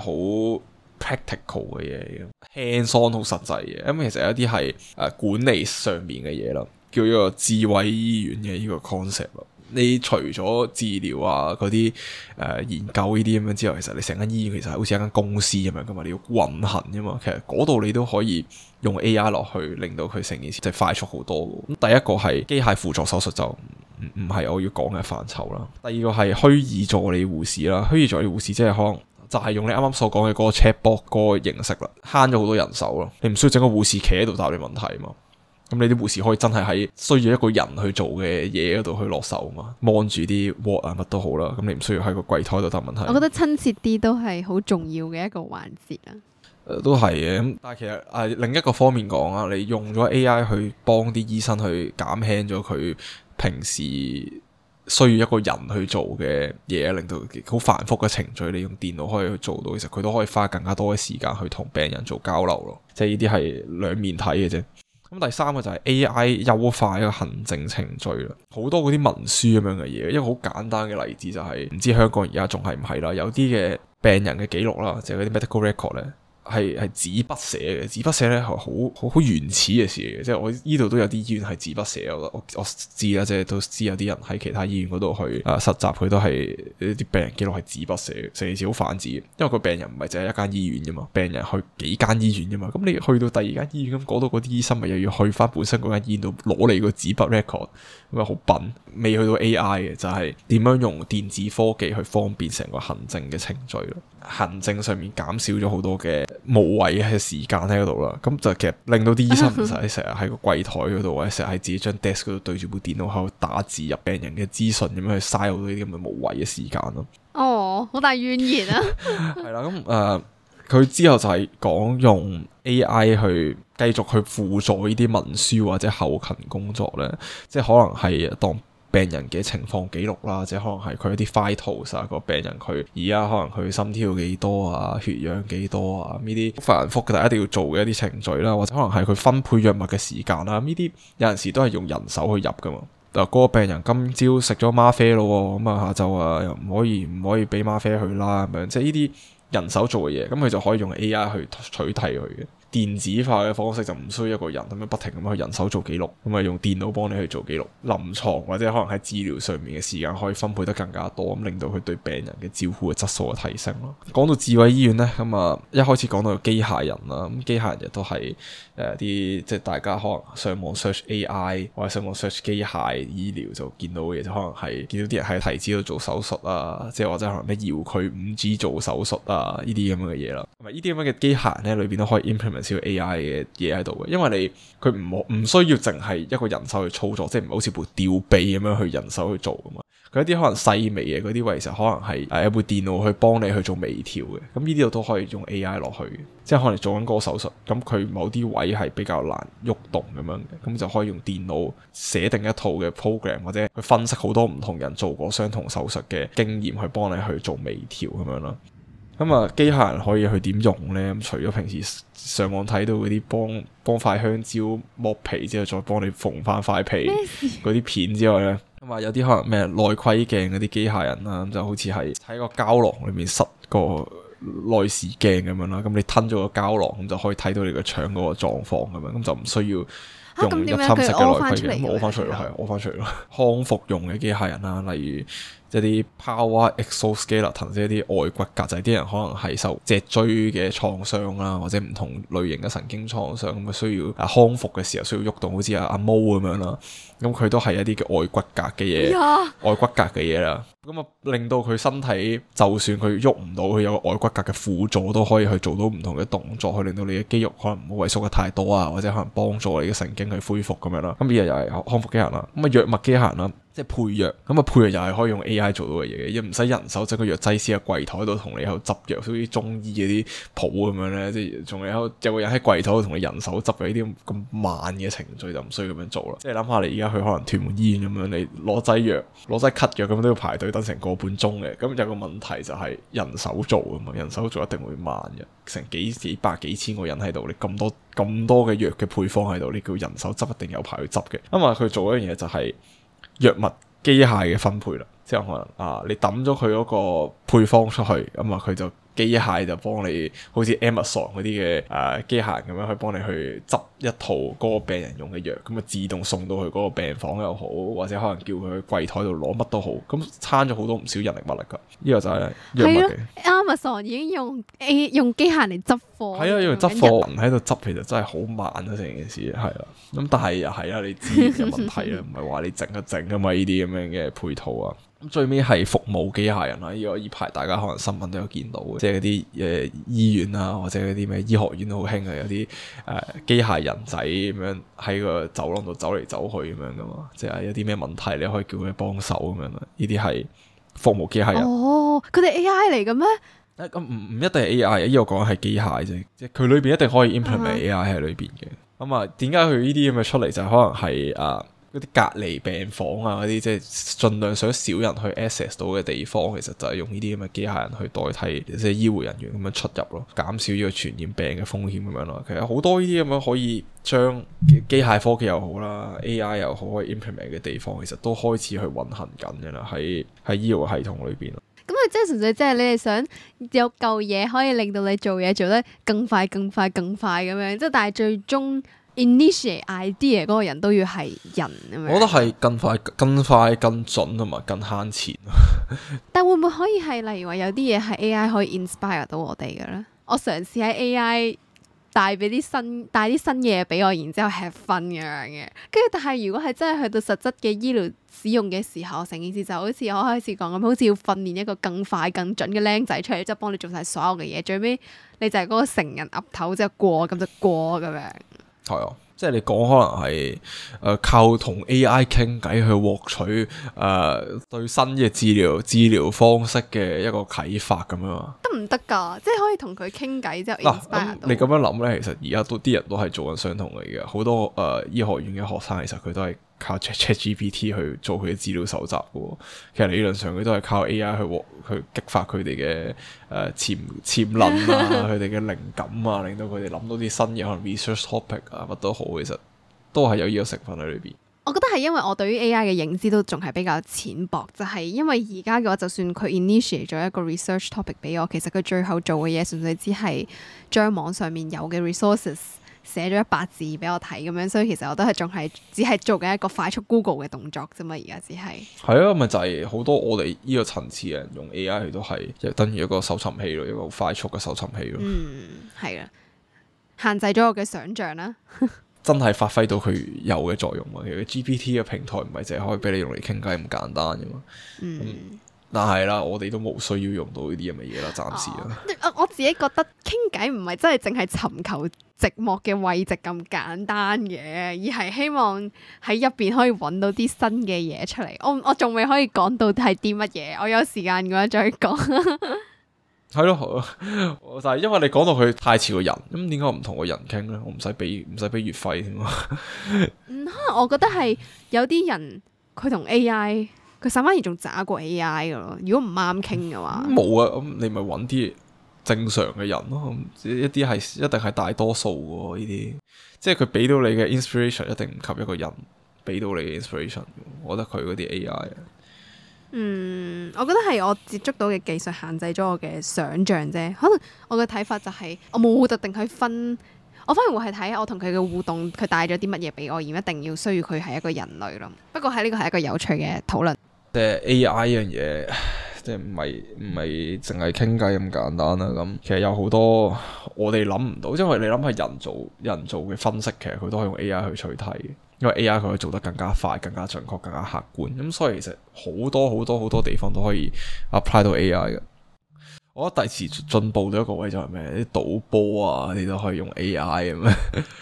好。practical 嘅嘢，輕鬆好實際嘅，咁其實有啲係誒管理上面嘅嘢咯，叫做一個智慧醫院嘅呢個 concept。你除咗治療啊嗰啲誒研究呢啲咁樣之外，其實你成間醫院其實好似一間公司咁樣噶嘛，你要運行噶嘛。其實嗰度你都可以用 AR 落去令到佢成件事即係快速好多。咁第一個係機械輔助手術就唔唔係我要講嘅範疇啦。第二個係虛擬助理護士啦，虛擬助理護士即係可能，就係用你啱啱所講嘅嗰個 chatbot 嗰個形式啦，慳咗好多人手咯。你唔需要整個護士企喺度答你問題嘛？咁你啲護士可以真係喺需要一個人去做嘅嘢嗰度去落手嘛？望住啲 walk 啊乜都好啦。咁你唔需要喺個櫃台度答問題。我覺得親切啲都係好重要嘅一個環節啦、呃。都係嘅。咁但係其實誒、呃、另一個方面講啊，你用咗 AI 去幫啲醫生去減輕咗佢平時。需要一個人去做嘅嘢，令到好繁複嘅程序，你用電腦可以去做到。其實佢都可以花更加多嘅時間去同病人做交流咯。即係呢啲係兩面睇嘅啫。咁第三個就係 AI 優化一個行政程序啦。好多嗰啲文書咁樣嘅嘢，一個好簡單嘅例子就係，唔知香港而家仲係唔係啦？有啲嘅病人嘅記錄啦，就係嗰啲 medical record 咧。係係紙筆寫嘅，紙筆寫咧係好好好原始嘅事嚟嘅，即係我依度都有啲醫院係紙筆寫，我我知啦，即係都知有啲人喺其他醫院嗰度去啊、呃、實習，佢都係啲病人記錄係紙筆寫，成件事好反字智嘅，因為個病人唔係淨係一間醫院噶嘛，病人去幾間醫院噶嘛，咁你去到第二間醫院咁，嗰度嗰啲醫生咪又要去翻本身嗰間醫院度攞你個紙筆 record，咁啊好笨，未去到 AI 嘅就係、是、點樣用電子科技去方便成個行政嘅程序咯。行政上面減少咗好多嘅無謂嘅時間喺度啦，咁就其實令到啲醫生唔使成日喺個櫃台嗰度， 或者成日喺自己張 desk 度對住部電腦喺度打字入病人嘅資訊咁樣去嘥好多啲咁嘅無謂嘅時間咯。哦，好大怨言啊！係 啦， 咁誒佢之後就係講用 AI 去繼續去輔助呢啲文書或者後勤工作咧，即係可能係當，病人嘅情況記錄啦，即係可能係佢一啲 file 啊，個病人佢而家可能佢心跳幾多啊，血氧幾多啊，呢啲繁複嘅，但係一定要做嘅一啲程序啦，或者可能係佢分配藥物嘅時間啦，呢啲有陣時都係用人手去入㗎嘛。嗱，嗰個病人今朝食咗嗎啡咯喎，咁啊下晝啊又唔可以唔可以俾嗎啡去啦咁樣，即係呢啲。人手做嘅嘢，咁佢就可以用 AI 去取替佢嘅電子化嘅方式，就唔需要一個人咁樣不停咁去人手做記錄，咁啊用電腦幫你去做記錄。臨床或者可能喺治療上面嘅時間可以分配得更加多，咁令到佢對病人嘅照顧嘅質素嘅提升咯。講到智慧醫院咧，咁啊一開始講到機械人啦，咁機械人亦都係。誒啲即係大家可能上網 search AI 或者上網 search 機械醫療就見到嘅嘢，就可能係見到啲人喺提子度做手術啊，即係或者可能啲搖佢五指做手術啊呢啲咁樣嘅嘢啦，同埋呢啲咁樣嘅機械咧裏邊都可以 implement 少 AI 嘅嘢喺度嘅，因為你佢唔冇唔需要淨係一個人手去操作，即係唔係好似部吊臂咁樣去人手去做㗎嘛。佢一啲可能細微嘅嗰啲位，其實可能係誒有部電腦去幫你去做微調嘅。咁呢啲度都可以用 AI 落去，即係可能做緊嗰個手術，咁佢某啲位係比較難喐動咁樣，咁就可以用電腦寫定一套嘅 program 或者去分析好多唔同人做過相同手術嘅經驗，去幫你去做微調咁樣咯。咁啊，機械人可以去點用咧？除咗平時上網睇到嗰啲幫幫塊香蕉剝皮之後再幫你縫翻塊皮嗰啲片之外呢。話有啲可能咩內窺鏡嗰啲機械人啊，咁就好似係喺個膠囊裏面塞個內視鏡咁樣啦，咁你吞咗個膠囊，咁就可以睇到你個腸嗰個狀況咁樣，咁就唔需要用侵入式嘅內窺鏡，攞翻出嚟。係，攞翻出嚟咯，啊、出 康復用嘅機械人啊，例如。即係一啲 power exoskeleton，即係啲外骨骼，就係啲人可能係受脊椎嘅創傷啦，或者唔同類型嘅神經創傷咁啊，需要啊康復嘅時候需要喐動，動，好似阿阿毛咁樣，樣 Yeah. 啦。咁佢都係一啲叫外骨骼嘅嘢，外骨骼嘅嘢啦。咁啊，令到佢身體就算佢喐唔到，佢有個外骨骼嘅輔助都可以去做到唔同嘅動作，去令到你嘅肌肉可能唔好萎縮得太多啊，或者可能幫助你嘅神經去恢復咁樣啦。咁呢家又係康復機械人啦，咁啊藥物機械人啦，即係配藥。咁啊配藥又係可以用 A I 做到嘅嘢，嘅，又唔使人手整係個藥劑師喺櫃台度同你去執藥，好似中醫嗰啲鋪咁樣咧，即係仲有有個人喺櫃台度同你人手執嘅呢啲咁慢嘅程序就唔需要咁樣做啦。即係諗下你而家去可能屯門醫院咁樣，你攞劑藥、攞劑咳藥咁樣都要排隊。成個半鐘嘅，咁有個問題就係人手做啊嘛，人手做一定會慢嘅，成幾幾百幾千個人喺度，你咁多咁多嘅藥嘅配方喺度，你叫人手執一定有排去執嘅。咁啊，佢做一樣嘢就係藥物機械嘅分配啦，之後可能啊，你抌咗佢嗰個配方出去，咁啊佢就。機械就幫你，好似 Amazon 嗰啲嘅誒機、呃、械咁樣，可以幫你去執一套嗰個病人用嘅藥，咁啊自動送到去嗰個病房又好，或者可能叫佢去櫃台度攞乜都好，咁撐咗好多唔少人力物力噶。呢、這個就係藥物嘅。Amazon 已經用 A、欸、用機械嚟執貨。係啊，因為執貨人喺度執，其實真係好慢啊，成件事係啊，咁但係又係啊，你資源問題啊，唔係話你整一整啊嘛，呢啲咁樣嘅配套啊。最尾係服務機械人啊！依個依排大家可能新聞都有見到嘅，即係啲誒醫院啊，或者嗰啲咩醫學院都好興啊，有啲誒、呃、機械人仔咁樣喺個走廊度走嚟走去咁樣噶嘛，即係有啲咩問題你可以叫佢幫手咁樣啦。依啲係服務機械人。哦，佢哋 A I 嚟嘅咩？咁唔唔一定係 A I，依個講係機械啫，即係佢裏邊一定可以 implement A I 喺裏邊嘅。咁、uh huh. 啊，點解佢呢啲咁嘅出嚟就可能係啊？嗰啲隔離病房啊，嗰啲即係儘量想少人去 access 到嘅地方，其實就係用呢啲咁嘅機械人去代替即係醫護人員咁樣出入咯，減少呢個傳染病嘅風險咁樣咯。其實好多呢啲咁樣可以將機械科技又好啦，AI 又好可以 implement 嘅地方，其實都開始去運行緊嘅啦，喺喺醫療系統裏邊咯。咁啊，即係純粹即係你係想有舊嘢可以令到你做嘢做得更快、更，更快、更快咁樣，即係但係最終。initiate idea 嗰個人都要係人，我覺得係更快、更快、更準，同埋更慳錢。 但會唔會可以係例如話有啲嘢係 AI 可以 inspire 到我哋嘅咧？我嘗試喺 AI 帶俾啲新帶啲新嘢俾我，然之後 have fun 咁樣嘅。跟住，但係如果係真係去到實質嘅醫療使用嘅時候，成件事就好似我開始講咁，好似要訓練一個更快、更準嘅僆仔出嚟，之後幫你做晒所有嘅嘢，最尾你就係嗰個成人鴨頭，之後過咁就過咁樣。即係你講可能係誒、呃，靠同 AI 傾偈去獲取誒、呃、對新嘅治療治療方式嘅一個啟發咁樣，得唔得㗎？即係可以同佢傾偈之後啟發到。嗱，咁你咁樣諗咧，其實而家都啲人都係做緊相同嘅，好多誒、呃、醫學院嘅學生，其實佢都係。靠 Chat ChatGPT 去做佢嘅資料搜集嘅、哦，其實理論上佢都係靠 AI 去去激發佢哋嘅誒潛潛能啊，佢哋嘅靈感啊，令到佢哋諗到啲新嘢，可能 research topic 啊乜都好，其實都係有呢個成分喺裏邊。我覺得係因為我對於 AI 嘅認知都仲係比較淺薄，就係、是、因為而家嘅話，就算佢 initiate 咗一個 research topic 俾我，其實佢最後做嘅嘢純粹只係將網上面有嘅 resources。寫咗一百字俾我睇咁樣，所以其實我都係仲係只係做緊一個快速 Google 嘅動作啫嘛，而家只係係啊，咪就係、是、好多我哋呢個層次人用 AI 佢都係，就等於一個搜尋器咯，一個快速嘅搜尋器咯。嗯，係啦，限制咗我嘅想象啦。 真係發揮到佢有嘅作用啊！其實 GPT 嘅平台唔係淨係可以俾你用嚟傾偈咁簡單噶嘛。嗯。嗯但係啦，我哋都冇需要用到呢啲咁嘅嘢啦，暫時啊、哦。我自己覺得傾偈唔係真係淨係尋求寂寞嘅慰藉咁簡單嘅，而係希望喺入邊可以揾到啲新嘅嘢出嚟。我我仲未可以講到係啲乜嘢，我有時間嘅話再講。係 咯，就係因為你講到佢太似個人，咁點解我唔同個人傾咧？我唔使俾唔使俾月費添啊。嗯，可能我覺得係有啲人佢同 AI。佢反而仲渣過 A I 噶咯，如果唔啱傾嘅話，冇啊！咁你咪搵啲正常嘅人咯，一啲係一定係大多數噶呢啲，即係佢俾到你嘅 inspiration 一定唔及一個人俾到你嘅 inspiration，我覺得佢嗰啲 A I，嗯，我覺得係我接觸到嘅技術限制咗我嘅想象啫，可能我嘅睇法就係、是、我冇特定去分，我反而會係睇我同佢嘅互動，佢帶咗啲乜嘢俾我，而唔一定要需要佢係一個人類咯。不過喺呢個係一個有趣嘅討論。即係 A.I. 呢樣嘢，即係唔係唔係淨係傾偈咁簡單啦咁。其實有好多我哋諗唔到，因為你諗係人做人做嘅分析，其實佢都可以用 A.I. 去取代。因為 A.I. 佢可以做得更加快、更加準確、更加客觀。咁所以其實好多好多好多地方都可以 apply 到 A.I. 嘅。我覺得第時進步到一個位就係咩？啲賭波啊，你都可以用 A.I. 咁啊。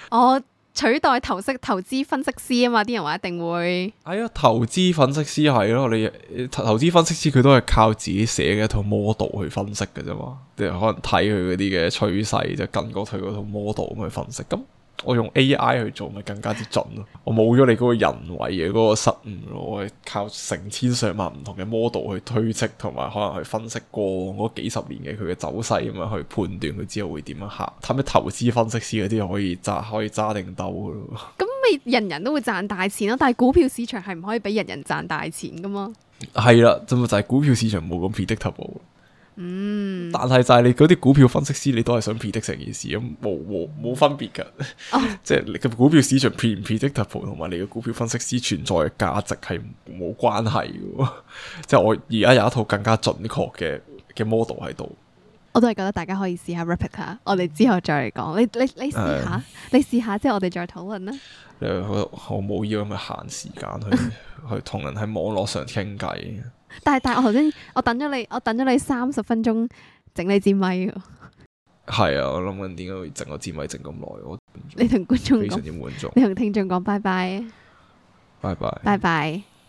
我取代投資投資分析師啊嘛，啲人話一定會係啊、哎，投資分析師係咯，你投投資分析師佢都係靠自己寫嘅一套 model 去分析嘅啫嘛，即係可能睇佢嗰啲嘅趨勢，就跟過佢嗰套 model 咁去分析咁。我用 AI 去做咪更加之準咯，我冇咗你嗰個人為嘅嗰個失誤咯，我係靠成千上萬唔同嘅 model 去推測，同埋可能去分析過往幾十年嘅佢嘅走勢咁樣，去判斷佢之後會點樣行。睇咩投資分析師嗰啲可以揸，可以揸定斗噶咯。咁咪人人都會賺大錢咯，但係股票市場係唔可以俾人人賺大錢噶嘛。係啦，就咪就係股票市場冇咁 predictable。嗯，但係就係你嗰啲股票分析師，你都係想 predict 成件事咁，冇冇分別噶，即係、哦、 你個股票市場 predict 唔 predict 同埋你個股票分析師存在嘅價值係冇關係嘅。即 係我而家有一套更加準確嘅嘅 model 喺度，我都係覺得大家可以試下 Replika 下，我哋之後再嚟講。你你試下，你試下，即係、嗯、我哋再討論啦。誒，我好冇要咁嘅閒時間去 去同人喺網絡上傾偈。但係但係，我頭先我等咗你，我等咗你三十分鐘整你支咪。係 啊，我諗緊點解會整個支咪整咁耐？我你同觀眾非常之滿足，你同聽眾講拜拜，拜拜，拜拜。拜拜。